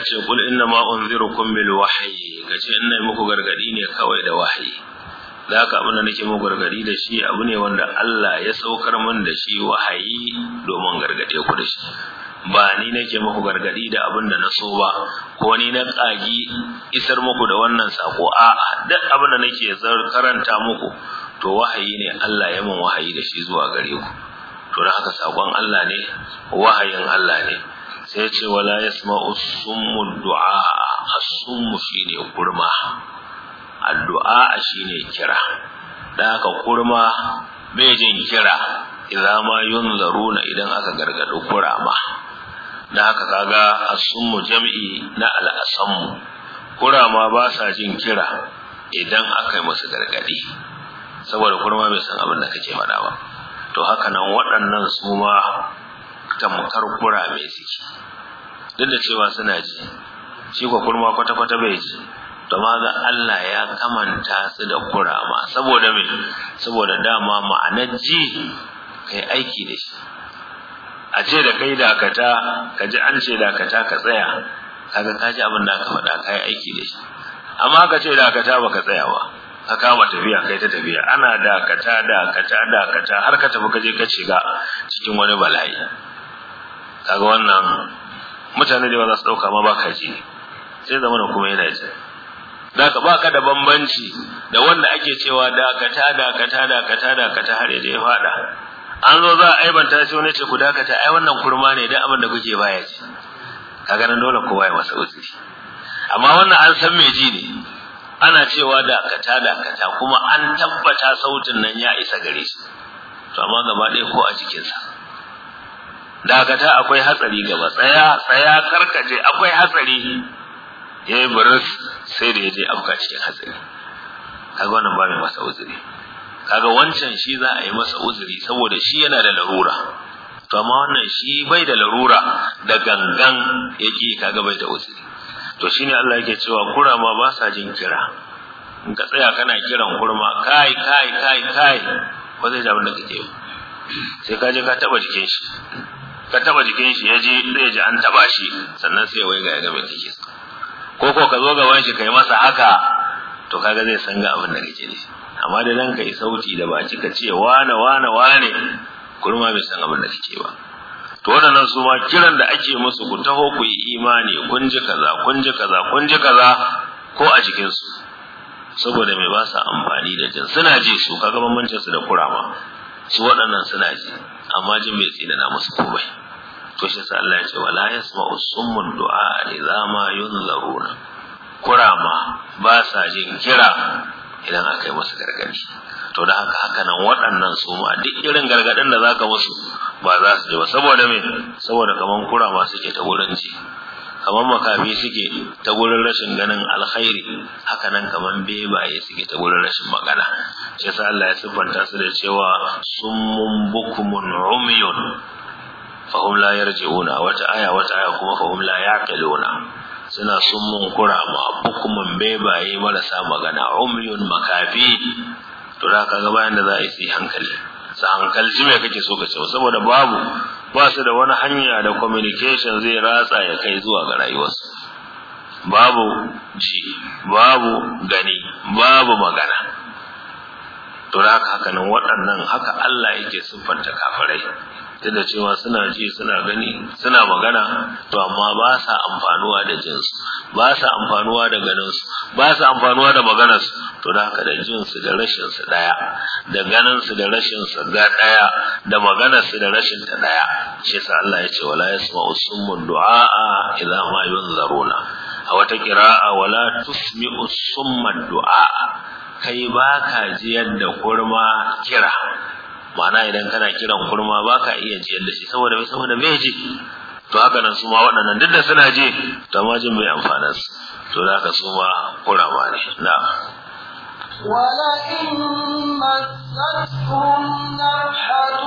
ce kul inna ma unzirukum bil wahyi kace inna muku gargadi ne kawai da wahyi da haka abin da nake muku gargadi da shi abu ne wanda Allah ya saukar mun da shi wahayi domin gargade ku da shi ba ni nake muku gargadi da abin da na so ba ko ni na tsagi isar muku da wannan sako a'a duk abin da nake karanta muku to wahayi ne Allah ya min wahayi da shi zuwa gare ku to da haka sakon Allah ne wahayin Allah ne sai ce wala yasma'u summu du'a sumu shi shine kurma addu'a shine kira da haka kurma bai jin kira idan ma yunzaruna idan aka gargaɗi kurama da haka kaga as jam'i na al kurama ba sa jin kira idan aka yi musu gargadi saboda kurma bai san abin da kake faɗa ba to haka nan waɗannan su ma tamkar kura mai ciki, duk da cewa suna ji shi ko kurma kwata kwata bai ji to maza Allah ya kamanta su da ma saboda me saboda dama ma'anar ji kai aiki da shi a ce da kai dakata ka ji an ce dakata ka tsaya kaga ka ji abin da aka faɗa kai aiki da shi amma ka ce dakata baka tsaya ba ka kama tafiya kai ta tafiya ana dakata dakata dakata har ka tafi ka je ka shiga cikin wani bala'i kaga wannan mutane da ba za su dauka ma baka kaji sai zamana kuma yana ji da ka baka da bambanci da wanda ake cewa dakata dakata dakata dakata har da ya fada an zo za a aibanta shi wani ce ku dakata ai wannan kurma ne da abin da kuke baya ci kaga nan dole kowa ya masa uzuri amma wannan an san me ji ne ana cewa dakata dakata kuma an tabbata sautin nan ya isa gare shi to amma gaba ɗaya ko a jikinsa dakata akwai hatsari gaba tsaya tsaya karkaje akwai hatsari yayi buris sai da yaje afka cikin hatsari kaga wannan ba mai masa uzuri kaga wancan shi za a yi masa uzuri saboda shi yana da larura to amma wannan shi bai da larura da gangan yake kaga bai da uzuri to shine Allah yake cewa ma ba sa jin kira in ka tsaya kana kiran kurma kai kai kai kai Ko zai ji da kake sai ka je ka taba jikin shi ka taba jikin shi ya zai ji an taba shi sannan sai wai ga ya ga mai kake ko ko ka zo gaban shi kai masa haka to kaga zai san ga abin da kake ne amma da ranka yi sauti da baki ka ce wane wane wane kurma bai san abin da kake ba to waɗannan su ma kiran da ake musu ku taho ku yi imani kun ji kaza kun ji kaza kun ji kaza ko a jikinsu saboda mai ba su amfani da jin suna ji su kaga bambancin su da kurama su waɗannan suna ji amma jin bai tsinana musu komai to shi sa Allah ya ce wala yasma'u summun du'a idza ma yunzaruna kurama ba sa jin kira idan aka yi musu gargadi to da haka haka nan waɗannan su ma duk irin gargadin da zaka musu ba za su ji ba saboda me saboda kaman kurama suke ta wurin ji kamar makafi suke ta gurin rashin ganin alkhairi haka nan kamar bebaye suke ta gurin rashin magana sai sa Allah ya sifanta su da cewa summun bukumun umyun fahum la yarji'una wata aya wata aya kuma fahum la yaqiluna suna summun kurama bukumun bebaye marasa magana umyun makafi to da kaga bayan da za a yi hankali sa hankali me kake so ka ce saboda babu ba su da wani hanya da communication zai ratsa ya kai zuwa ga rayuwarsu babu ji babu gani babu magana to haka haka waɗannan haka Allah yake siffanta kafirai duk da cewa suna ji suna gani suna magana to amma ba sa amfanuwa da jinsu ba sa amfanuwa da su ba sa amfanuwa da su, to da haka da jinsu da su ɗaya da ganin su, da su ga ɗaya da su, da rashin ta ɗaya shi sa Allah ya ce wala yasma'u summun du'a idza ma yunzaruna a wata kira'a wala tusmi'u summan du'a kai ba ka ji yadda kurma kira ma'ana idan kana kiran kurma ba ka iya jiyar da shi saboda mai saboda mai ji to haka nan su ma waɗannan duk da suna je, to ma jin bai amfana su to da haka su ma kurama ne na ولئن مستهم نفحة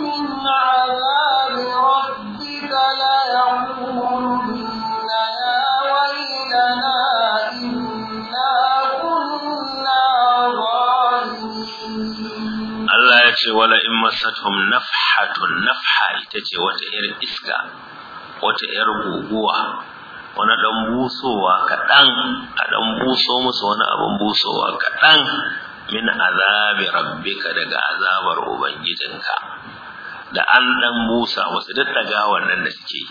من wala in masathum nafhatun nafha ita ce wata irin iska wata yar guguwa wani dan busowa kaɗan a dan buso musu wani abin busowa kaɗan min azabi rabbika daga azabar ubangijinka da an dan busa musu duk daga wannan da suke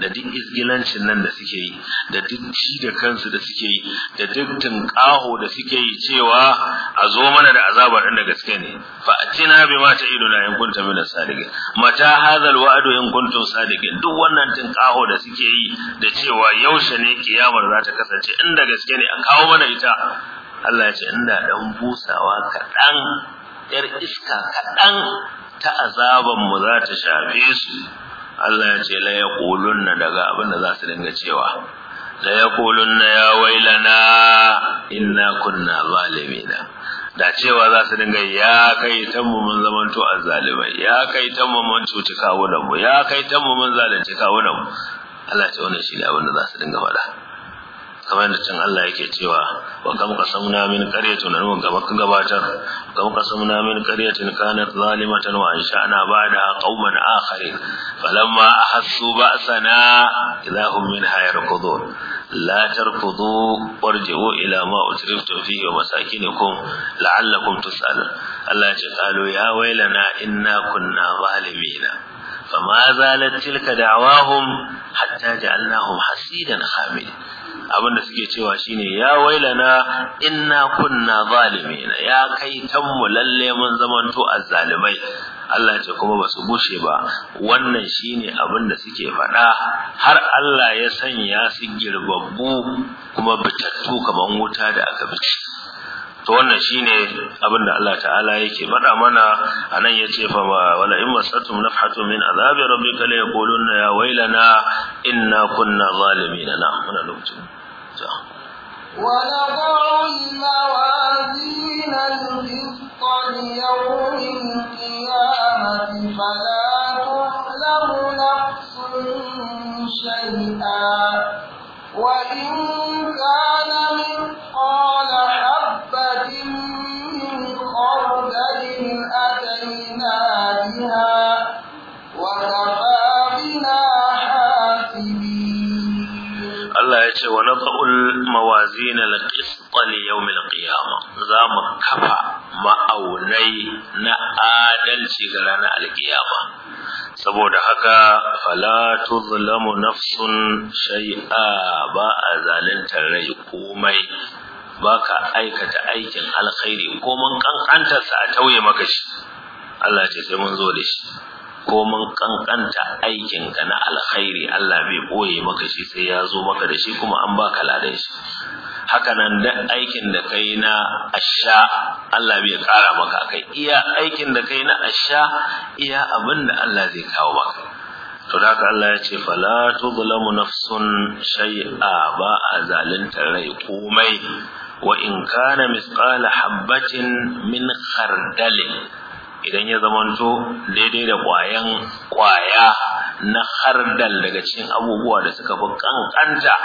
da duk izgilancin nan da suke yi da duk ci da kansu da suke yi da duk tunƙaho da suke yi cewa a zo mana da azabar ɗin da gaske ne fa atina bi ma ta iduna in kunta min sadiqin mata hadal alwa'du in kuntum sadiqin duk wannan tunƙaho da suke yi da cewa yaushe ne kiyamar za ta kasance inda gaske ne a kawo mana ita Allah ya ce inda dan busawa kaɗan ‘yar iska kaɗan ta mu za ta shafe su Allah ya ce la yaqulunna daga abin da za su dinga cewa la na ya wailana inna kunna zalimina da cewa za su dinga ya kai ta mu mun zamanto azzalimai ya kai ta mu mun cuci ya kai mun zalunci kawunan Allah ya ce shi shine abin da za su dinga faɗa kamar da can Allah yake cewa wa kam qasamna min qaryatin anwa gaba gabatar kam qasamna min qaryatin kanat zalimatan wa ansha'na ba'daha qauman akharin falamma ahassu ba'sana idahum minha yarkudun la tarkudu warji'u ila ma utriftum fihi wa masakinikum la'allakum tus'alun Allah ya ce qalu ya wailana inna kunna zalimina فما زالت تلك دعواهم حتى جعلناهم حسيدا خامدا abinda suke cewa shine ya wailana inna kunna zalimin ya kai tammu lalle mun zamanto azzalimai Allah ce kuma basu bushe ba wannan shine abin da suke faɗa har Allah ya sanya su girbabbu kuma bitattu kaman wuta da aka bice to wannan shine abin da Allah ta'ala yake faɗa mana anan ce fa wala in masatum nafhatu min azabi rabbika la yaquluna ya wailana inna kunna zalimin na muna lokacin to ونضع الموازين القسط ليوم القيامة فلا تظلم نفس شيئا وإن كان ونضع الموازين القسط ليوم القيامة زام كفى ما أولي نآدل شغلنا القيامة saboda haka fala tuzlamu nafsun shay'a ba a zaluntar rai komai baka aikata aikin alkhairi ko mun kankantarsa a tauye maka shi Allah ce sai mun zo da shi ko mun kankanta aikinka na alkhairi Allah bai boye maka shi sai ya zo maka da shi kuma an baka ladan shi nan, duk aikin da kai na asha Allah bai kara maka kai iya aikin da kai na asha iya abin da Allah zai kawo maka to da haka Allah ya ce fala tuzlamu nafsun shay'a ba a zalunta rai komai wa in kana misqala habatin min khardalin idan ya zamanto daidai da ƙwayan ƙwaya na hardal daga cikin abubuwa da suka fi kankanta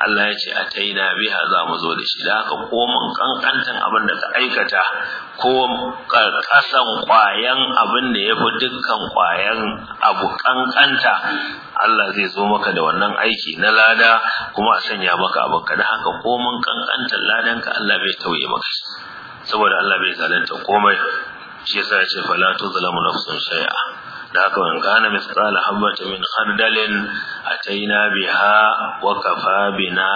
Allah ya ce a nabi biha za mu zo da shi da haka komin kankantan abin da ka aikata ko karkasan kwayan abin da ya fi dukkan kwayan abu kankanta Allah zai zo maka da wannan aiki na lada kuma a sanya maka abin ka da haka komin kankantan ladanka Allah bai tauye maka saboda Allah bai zalunta komai shi yasa ya ce fala tuzlamu nafsun shay'a da haka in kana misqala habatin min khardalin ataina biha wa kafa bina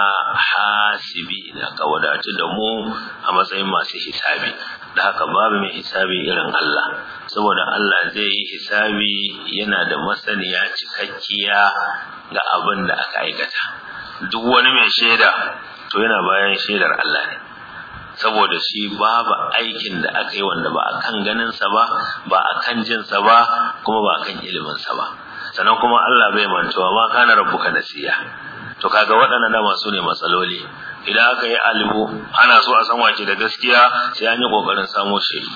da ka wadace da mu a matsayin masu hisabi da haka babu mai hisabi irin Allah saboda Allah zai yi hisabi yana da masaniya cikakkiya ga abin da aka aikata duk wani mai shaida to yana bayan shaidar Allah ne saboda shi babu aikin da aka yi wanda ba kan ganin sa ba ba kan jin sa ba kuma ba kan ilimin sa ba sannan kuma Allah bai mantuwa ma kana rabbuka nasiya to kaga waɗannan da masu ne matsaloli idan aka yi alimu ana so a san wace da gaskiya sai an yi kokarin samo shaidu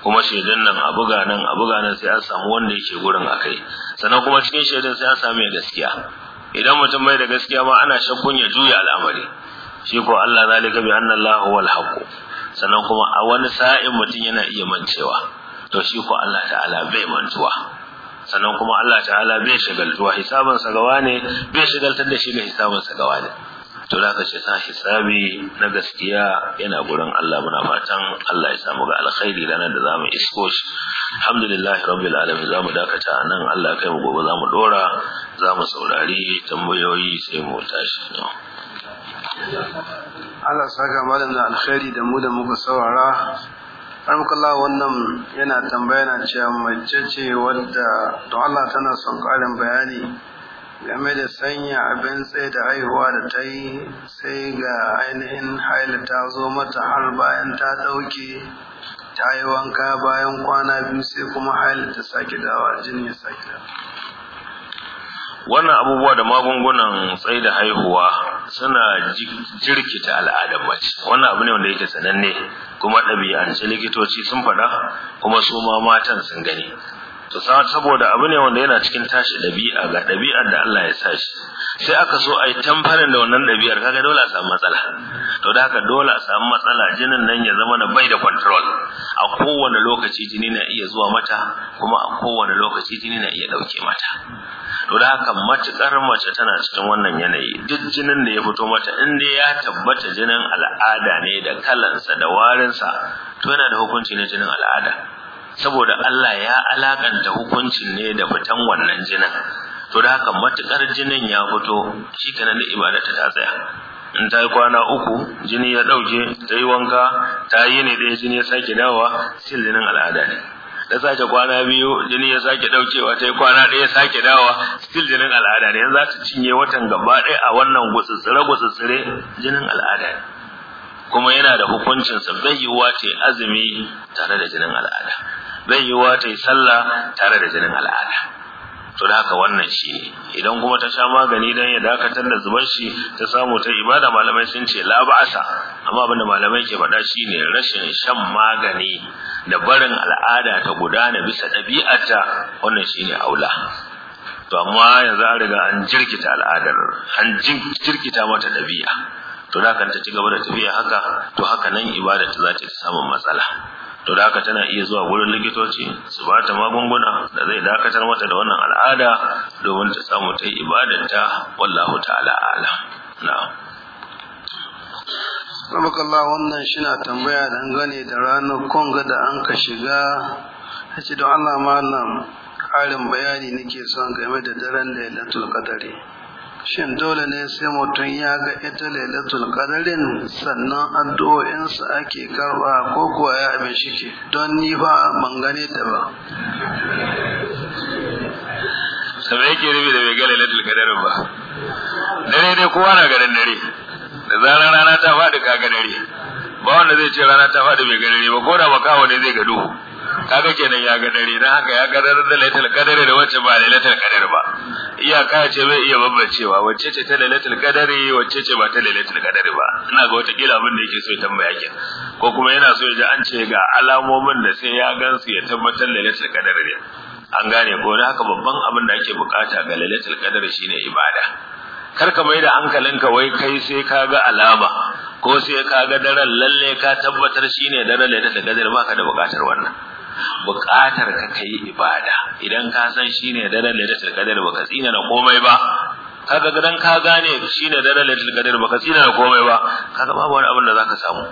kuma shaidan nan a buga nan a buga nan sai an samu wanda yake gurin akai sannan kuma cikin shaidan sai an samu ya gaskiya idan mutum bai da gaskiya ma ana shakkun ya juya al'amari shi ko Allah zalika bi anna Allah huwal haqq sannan kuma a wani sa'in mutum yana iya mancewa to shi ko Allah ta'ala bai mantuwa sannan kuma Allah ta'ala bai shagaltuwa hisaban sa gawa ne bai shagaltar da shi ga hisaban sa gawa ne to zaka ce sa hisabi na gaskiya yana gurin Allah muna fatan Allah ya samu ga alkhairi ranar da zamu isko shi alhamdulillah rabbil alamin zamu dakata nan Allah kai mu gobe zamu dora zamu saurari tambayoyi sai mu tashi Allah saka malam da alkhairi da mu da muka saurara Alhamdulillah wannan yana tambaya na cewa mace ce wadda don Allah tana son ƙarin bayani game da sanya abin tsaye da haihuwa da ta yi sai ga ainihin haila ta zo mata har bayan ta ɗauke ta yi wanka bayan kwana biyu sai kuma haila ta sake dawa jini ya sake dawa wannan abubuwa da magungunan tsaye da haihuwa suna jirkita al'adar mace wannan abu ne wanda yake sananne kuma ɗabi'ance likitoci sun faɗa kuma su ma matan sun gani saboda abu ne wanda yana cikin tashi ɗabi'a ga ɗabi'ar da Allah ya sa shi sai aka so a yi tamfarin da wannan ɗabi'ar kaga dole a samu matsala to da haka dole a samu matsala jinin nan ya zama na bai da control a kowane lokaci jini na iya zuwa mata kuma a kowane lokaci jini na iya ɗauke mata to da haka matukar mace tana cikin wannan yanayi duk jinin da ya fito mata in dai ya tabbata jinin al'ada ne da kalansa da warinsa to yana da hukunci na jinin al'ada saboda Allah ya alakanta hukuncin ne da fitan wannan jinin to da haka matukar jinin ya fito shi kana da ibada ta tsaya in ta yi kwana uku jini ya ɗauke ta yi wanka ta yi ne ɗaya jini ya sake dawowa still jinin al'ada ne ta sake kwana biyu jini ya sake ɗaukewa ta yi kwana ɗaya ya sake dawowa still jinin al'ada ne yanzu za ta cinye watan gaba ɗaya a wannan gutsutsure gutsutsure jinin al'ada ne kuma yana da hukuncinsa bai yiwuwa ta azumi tare da jinin al'ada bai yi ta sallah tare da jinin al'ada to da haka wannan shi idan kuma ta sha magani dan ya dakatar da zubar shi ta samu ta ibada malamai sun ce la ba'asa amma abinda malamai ke faɗa shi shine rashin shan magani da barin al'ada ta gudana bisa ɗabi'arta wannan shi ne aula to amma yanzu an riga an jirkita al'adar an jirkita mata ɗabi'a to da haka ta ci gaba da tafiya haka to haka nan ibada ta za ta samun matsala to da haka tana iya zuwa wurin likitoci su ba ta magunguna da zai dakatar mata da wannan al'ada domin ta samu ta yi ibadanta wallahu ta'ala ala na'am Allah wannan shina tambaya dangane da ranar Konga da an ka shiga ya ce don Allah malam ƙarin bayani nake son game da daren da ya latul kadari. shin dole ne sai mutum ya ga ita lailatul qadarin sannan addu'o'insa ake karba ko kuwa ya abin ke don ni ba ban gane ta ba sabai yake rubi da bai ga lailatul kadarin ba dare dai kowa na garin dare da zarar rana ta faɗi ka ga dare ba wanda zai ce rana ta faɗi bai ga dare ba ko da kawo ne zai ga duhu kaga kenan ya ga dare dan haka ya ga dare da laitul qadari da wacce ba laitul qadari ba iyaka ce bai iya babbacewa wacce ce ta laitul qadari wacce ce ba ta laitul qadari ba ina ga wata kila abin da yake so ya tambaya ki ko kuma yana so ya ji an ce ga alamomin da sai ya gansu ya tabbatar laitul qadari ne an gane ko na haka babban abin da ake bukata ga laitul qadari shine ibada kar ka mai da hankalinka wai kai sai ka ga alama ko sai ka ga daren lalle ka tabbatar shine daren lailatul qadari ba ka da bukatar wannan buƙatar ka kai ibada idan ka san shine daren lailatul qadar baka tsina na komai ba kaga gidan ka gane shine daren lailatul qadar baka tsina na komai ba kaga babu wani abin da zaka samu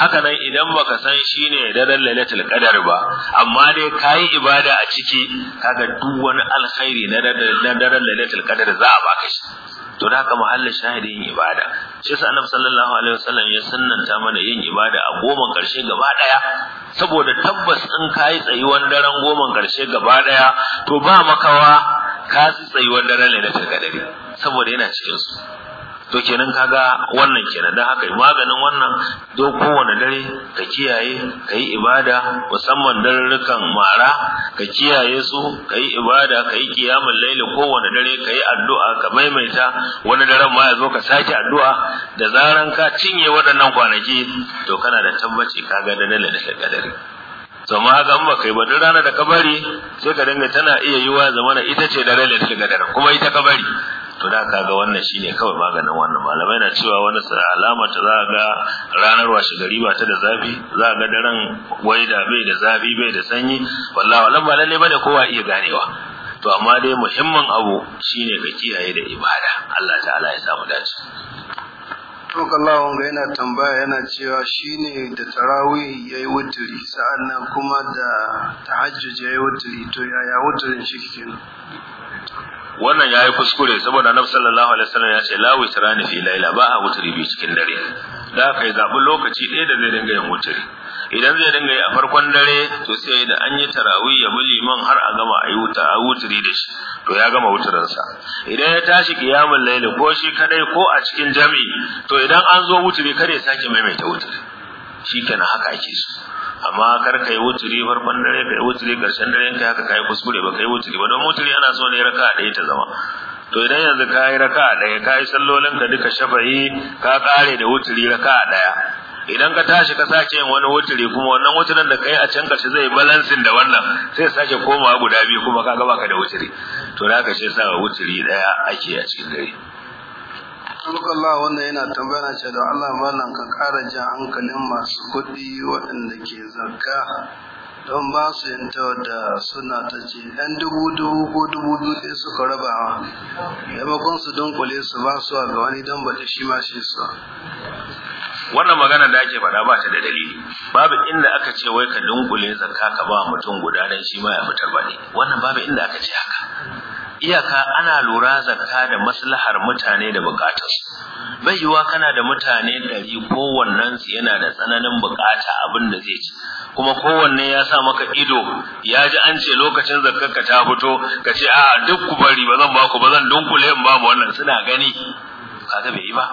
haka nan idan baka san shine da lailatul qadar ba amma dai kai ibada a ciki kaga duk wani alkhairi na da lailatul qadar za a baka shi to da haka mahallin shahidi yin ibada shi yasa annabi sallallahu alaihi wasallam ya sunnanta mana yin ibada a goman karshe gaba daya saboda tabbas in kai tsayuwan daren goma karshe gaba daya to ba makawa ka tsayuwan daren ne na tarkadare saboda yana cikin su to kenan kaga wannan kenan dan haka maganin wannan do kowane dare ka kiyaye ka yi ibada musamman darurrukan mara ka kiyaye su ka yi ibada ka yi kiyamul laili kowane dare ka yi addu'a ka maimaita wani daren ma ya zo ka sake addu'a da zaran ka cinye waɗannan kwanaki to kana da tabbaci kaga da dala da kadari to ma haka kai ba rana da kabari sai ka dinga tana iya yiwa zamana ita ce da lailatul qadar kuma ita kabari to da kaga wannan shine kawai maganin wannan malamai na cewa wani alama ta za ga ranar washe gari ba ta da zafi za ga daren wai da bai da zafi bai da sanyi wallahi wallahi ba lalle bane kowa iya ganewa to amma dai muhimmin abu shine ka kiyaye da ibada Allah ta'ala ya samu dace Allah ga yana tambaya yana cewa shine da tarawih yayi wuturi sa'annan kuma da tahajjud yayi wuturi to yaya wuturin shi kenan wannan yayi kuskure saboda annabi sallallahu alaihi wasallam ya ce la witrani fi laila ba a wutri bi cikin dare da kai zabi lokaci ɗaya da zai dinga yin wutri idan zai dinga yi a farkon dare to sai da an yi tarawih ya buli man har a gama a yi wuta a wutri da shi to ya gama wutrin sa idan ya tashi qiyamul layl ko shi kadai ko a cikin jami'i to idan an zo wutri kare sake maimaita wutri shikenan haka ake so amma kar kai wuturi farkon dare kai wuturi karshen dare kai haka kai kuskure ba kai wuturi ba don wuturi ana so ne raka'a ɗaya ta zama to idan yanzu ka yi raka'a ɗaya ka yi sallolin ka duka shafa'i ka kare da wuturi raka'a daya. idan ka tashi ka sake yin wani wuturi kuma wannan wuturin da kai a can karshe zai balansin da wannan sai sake komawa guda biyu kuma ka gaba ka da wuturi to da ka shi sa wuturi ɗaya ake a cikin dare. Allah wanda yana tambayar ce da Allah malam ka ƙara jan hankalin masu kuɗi waɗanda ke zakka don ba su yin da suna ta ce ɗan dubu dubu ko dubu biyu ɗaya suka raba wa maimakon su dunkule su ba su ga wani don ba ta shi ma shi su wannan magana da ake faɗa ba ta da dalili babu inda aka ce wai ka dunkule zakka ka ba mutum guda don shi ma ya fitar ba ne wannan babu inda aka ce haka iyaka ana lura zakka da maslahar mutane da bukatarsu bai yiwa kana da mutane ɗari kowannen su yana da tsananin bukata abin da zai ci kuma kowanne ya sa maka ido ya ji an ce lokacin zakkar ka ta fito ka ce a duk ku bari ba zan ba ku ba zan dunkule in ba mu wannan suna gani kaga bai yi ba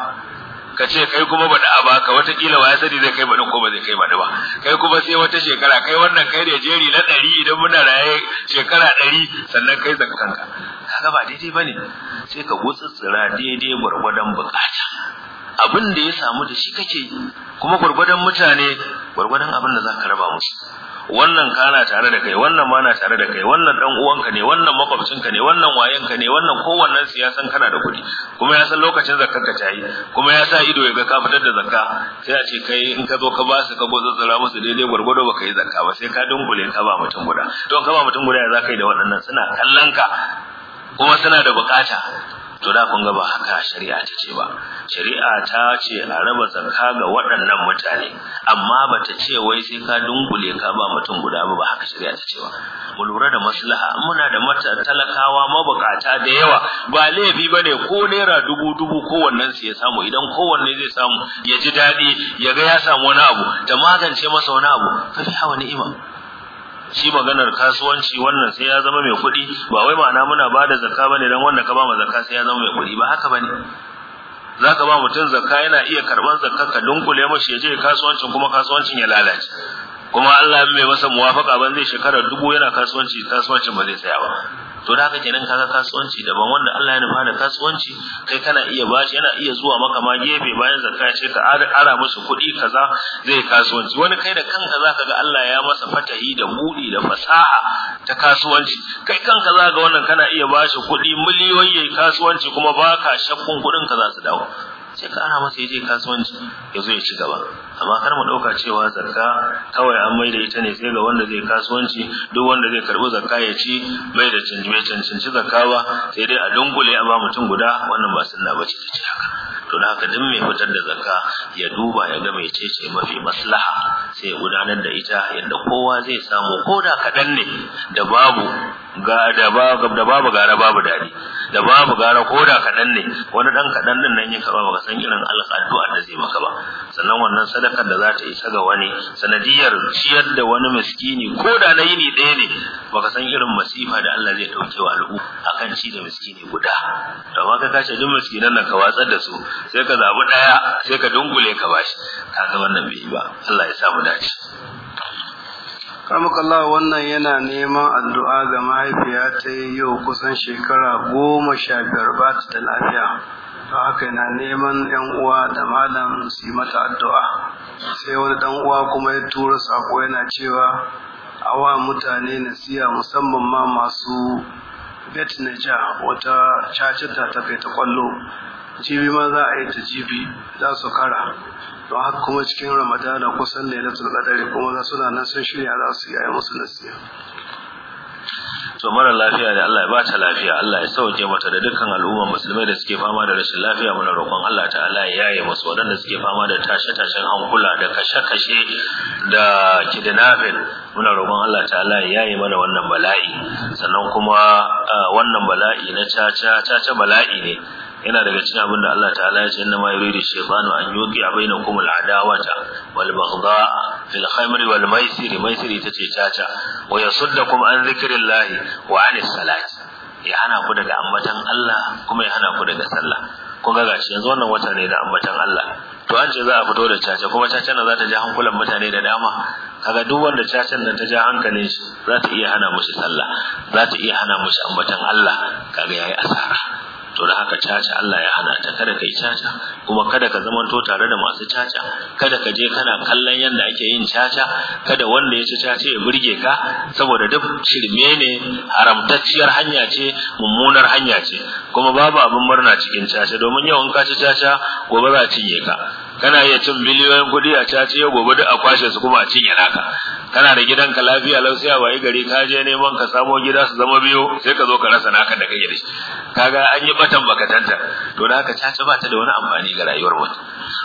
ka ce kai kuma ba bada ba ka watakila wa ya sani zai kai baɗin ko ba zai kai baɗi ba kai kuma sai wata shekara kai wannan kai da jeri na ɗari idan muna raye shekara ɗari sannan kai zaka kanka kaga ba daidai ba sai ka gutsutsura daidai gwargwadon bukata abin da ya samu da shi kake kuma gwargwadon mutane gwargwadon abin da za ka raba musu wannan kana tare da kai wannan ma na tare da kai wannan dan uwanka ne wannan makwabcinka ne wannan wayenka ne wannan kowannen siyasan kana da kuɗi kuma ya san lokacin zakar ka tayi kuma ya sa ido ya ga ka fitar da zakka sai a ce kai in ka zo ka ba su ka gozazzaura musu daidai gurgudo baka yi zakka ba sai ka dunkule ka ba mutum guda to ka ba mutum guda ya za ka yi da waɗannan suna kallon ka kuma suna da bukata to da kun ga ba haka shari'a ta ce ba shari'a ta ce a raba zakka ga waɗannan mutane amma ba ta ce wai sai ka dungule ka ba mutum guda ba ba haka shari'a ta ce ba mu lura da maslaha muna da mata talakawa mabukata da yawa ba laifi ba ne ko naira dubu dubu kowannen su ya samu idan kowanne zai samu ya ji daɗi ya ga ya samu wani abu da magance masa wani abu fa fi hawa ni'ima shi maganar kasuwanci wannan sai ya zama mai kuɗi ba wai ma'ana muna ba da zakka bane dan wanda ka ba mu zakka sai ya zama mai kuɗi ba haka bane zaka ba mutum zakka yana iya karban zakka ka dunkule mashi ya je kasuwancin kuma kasuwancin ya lalace kuma Allah mai masa muwafaka ban zai shekara dubu yana kasuwanci kasuwancin ba zai tsaya ba to da haka kenan ka kasuwanci daban wanda Allah ya nufa da kasuwanci kai kana iya bashi yana iya zuwa maka ma gefe bayan zakka ya ce ka ara musu kuɗi kaza zai kasuwanci wani kai da kanka zaka ga Allah ya masa fatahi da buɗi da fasaha ta kasuwanci kai kanka zaka ga wannan kana iya ba bashi kuɗi miliyoyi kasuwanci kuma baka shakkun kuɗin ka za su dawo sai ka ana masa yaje kasuwanci ya zo ya ci gaba amma kar mu dauka cewa zakka kawai an da ita ne sai ga wanda zai kasuwanci duk wanda zai karbi zakka ya ci bai da canji bai cancanci zakka ba sai dai a dungule a ba mutum guda wannan ba sunna bace ta ce haka to dan haka duk mai fitar da zakka ya duba ya ga mai ce mafi maslaha sai ya gudanar da ita yadda kowa zai samu koda da kaɗan ne da babu da babu gara babu dadi da babu gara koda kadan ne wani dan kadan din nan yin kaba baka san irin Allah addu'a da zai maka ba sannan wannan sadakar da za ta isa ga wani sanadiyar ciyar da wani miskini koda na yini ɗaya ne baka san irin masifa da Allah zai dauke wa al'u akan ci da miskini guda to ka kace duk miskinan nan ka watsar da su sai ka zabi daya sai ka dungule ka bashi kaga wannan bai ba Allah ya samu dace samukallah wannan yana neman addu'a ga mahaifiya ta yi yau kusan shekara goma sha biyar ba ta da lafiya ta haka yana neman yan uwa da malam su yi mata addu'a sai wani dan uwa kuma ya tura saƙo yana cewa a wa mutane nasiya musamman ma masu bet naja wata cacita ta kai ta kwallo jibi ma za a yi ta jibi za su kara to haka kuma cikin ramadana kusan lailatul qadari kuma suna nan sun shirya za su yi musu nasiha to mara lafiya da Allah ya ba ta lafiya Allah ya sauke mata da dukkan al'umma musulmai da suke fama da rashin lafiya muna roƙon Allah ta'ala ya yaye musu waɗanda suke fama da tashe-tashen hankula da kashe-kashe da kidnapping muna roƙon Allah ta'ala ya yaye mana wannan bala'i sannan kuma wannan bala'i na caca caca bala'i ne yana daga cikin abin da Allah ta'ala ya ce inna ma yuridu shaytanu an yuqi'a bainakum al-adawata wal baghdha fil khamri wal maisiri maisiri ita ce caca wa kuma an zikrillahi wa anis salati ya hana ku daga ambatan Allah kuma ya hana ku daga sallah kun ga gashi yanzu wannan wata ne da ambatan Allah to an ce za a fito da caca kuma cacan nan za ta ja hankulan mutane da dama kaga duk wanda cacan nan ta ja hankalin shi za ta iya hana mushi sallah za ta iya hana mushi ambatan Allah kaga yayi asara to da haka caca Allah ya hana ta kada kai caca kuma kada ka zamanto tare da masu caca kada ka je kana kallon yanda ake yin caca kada wanda ya ci caca ya burge ka saboda duk shirme ne haramtacciyar hanya ce mummunar hanya ce kuma babu abin murna cikin caca domin yawan ka ci caca gobe za a cinye ka kana iya cin biliyoyin kuɗi a caci ya gobe duk a kwashe su kuma a cinye naka kana da gidanka lafiya lau sai a wayi gari ka je neman ka samo gida su zama biyu sai ka zo ka rasa naka da kake da shi kaga an yi batan bakatanta to da haka caci ba ta da wani amfani ga rayuwar mu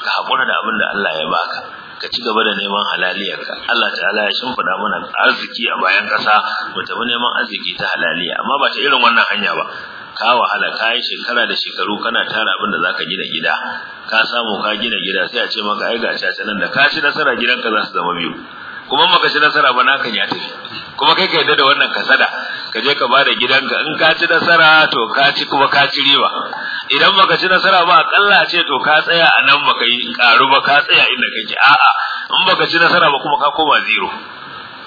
ka haƙura da abin da Allah ya baka ka ci gaba da neman halaliyarka Allah ta'ala ya shimfida mana arziki a bayan kasa mu tafi neman arziki ta halaliya amma ba ta irin wannan hanya ba ka wahala ka yi shekara da shekaru kana tara abin da zaka gina gida ka samu ka gina gida sai a ce maka ai ga caca nan da ka ci nasara gidanka za su zama biyu kuma baka ci nasara ba naka ya tafi kuma kai ka yadda da wannan kasada ka je ka bada gidanka in ka ci nasara to ka ci kuma ka ci riba idan baka ci nasara ba akalla a ce to ka tsaya a nan baka yi karu ba ka tsaya inda kake a'a in baka ci nasara ba kuma ka koma zero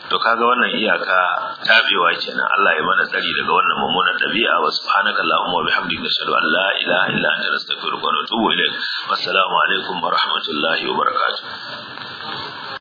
to kaga wannan iyaka tabewa kenan Allah ya mana tsari daga wannan mummunan dabi'a wa subhanaka allahumma wa bihamdika ashhadu an la ilaha illa anta astaghfiruka wa atubu ilaik wassalamu alaikum wa rahmatullahi wa barakatuh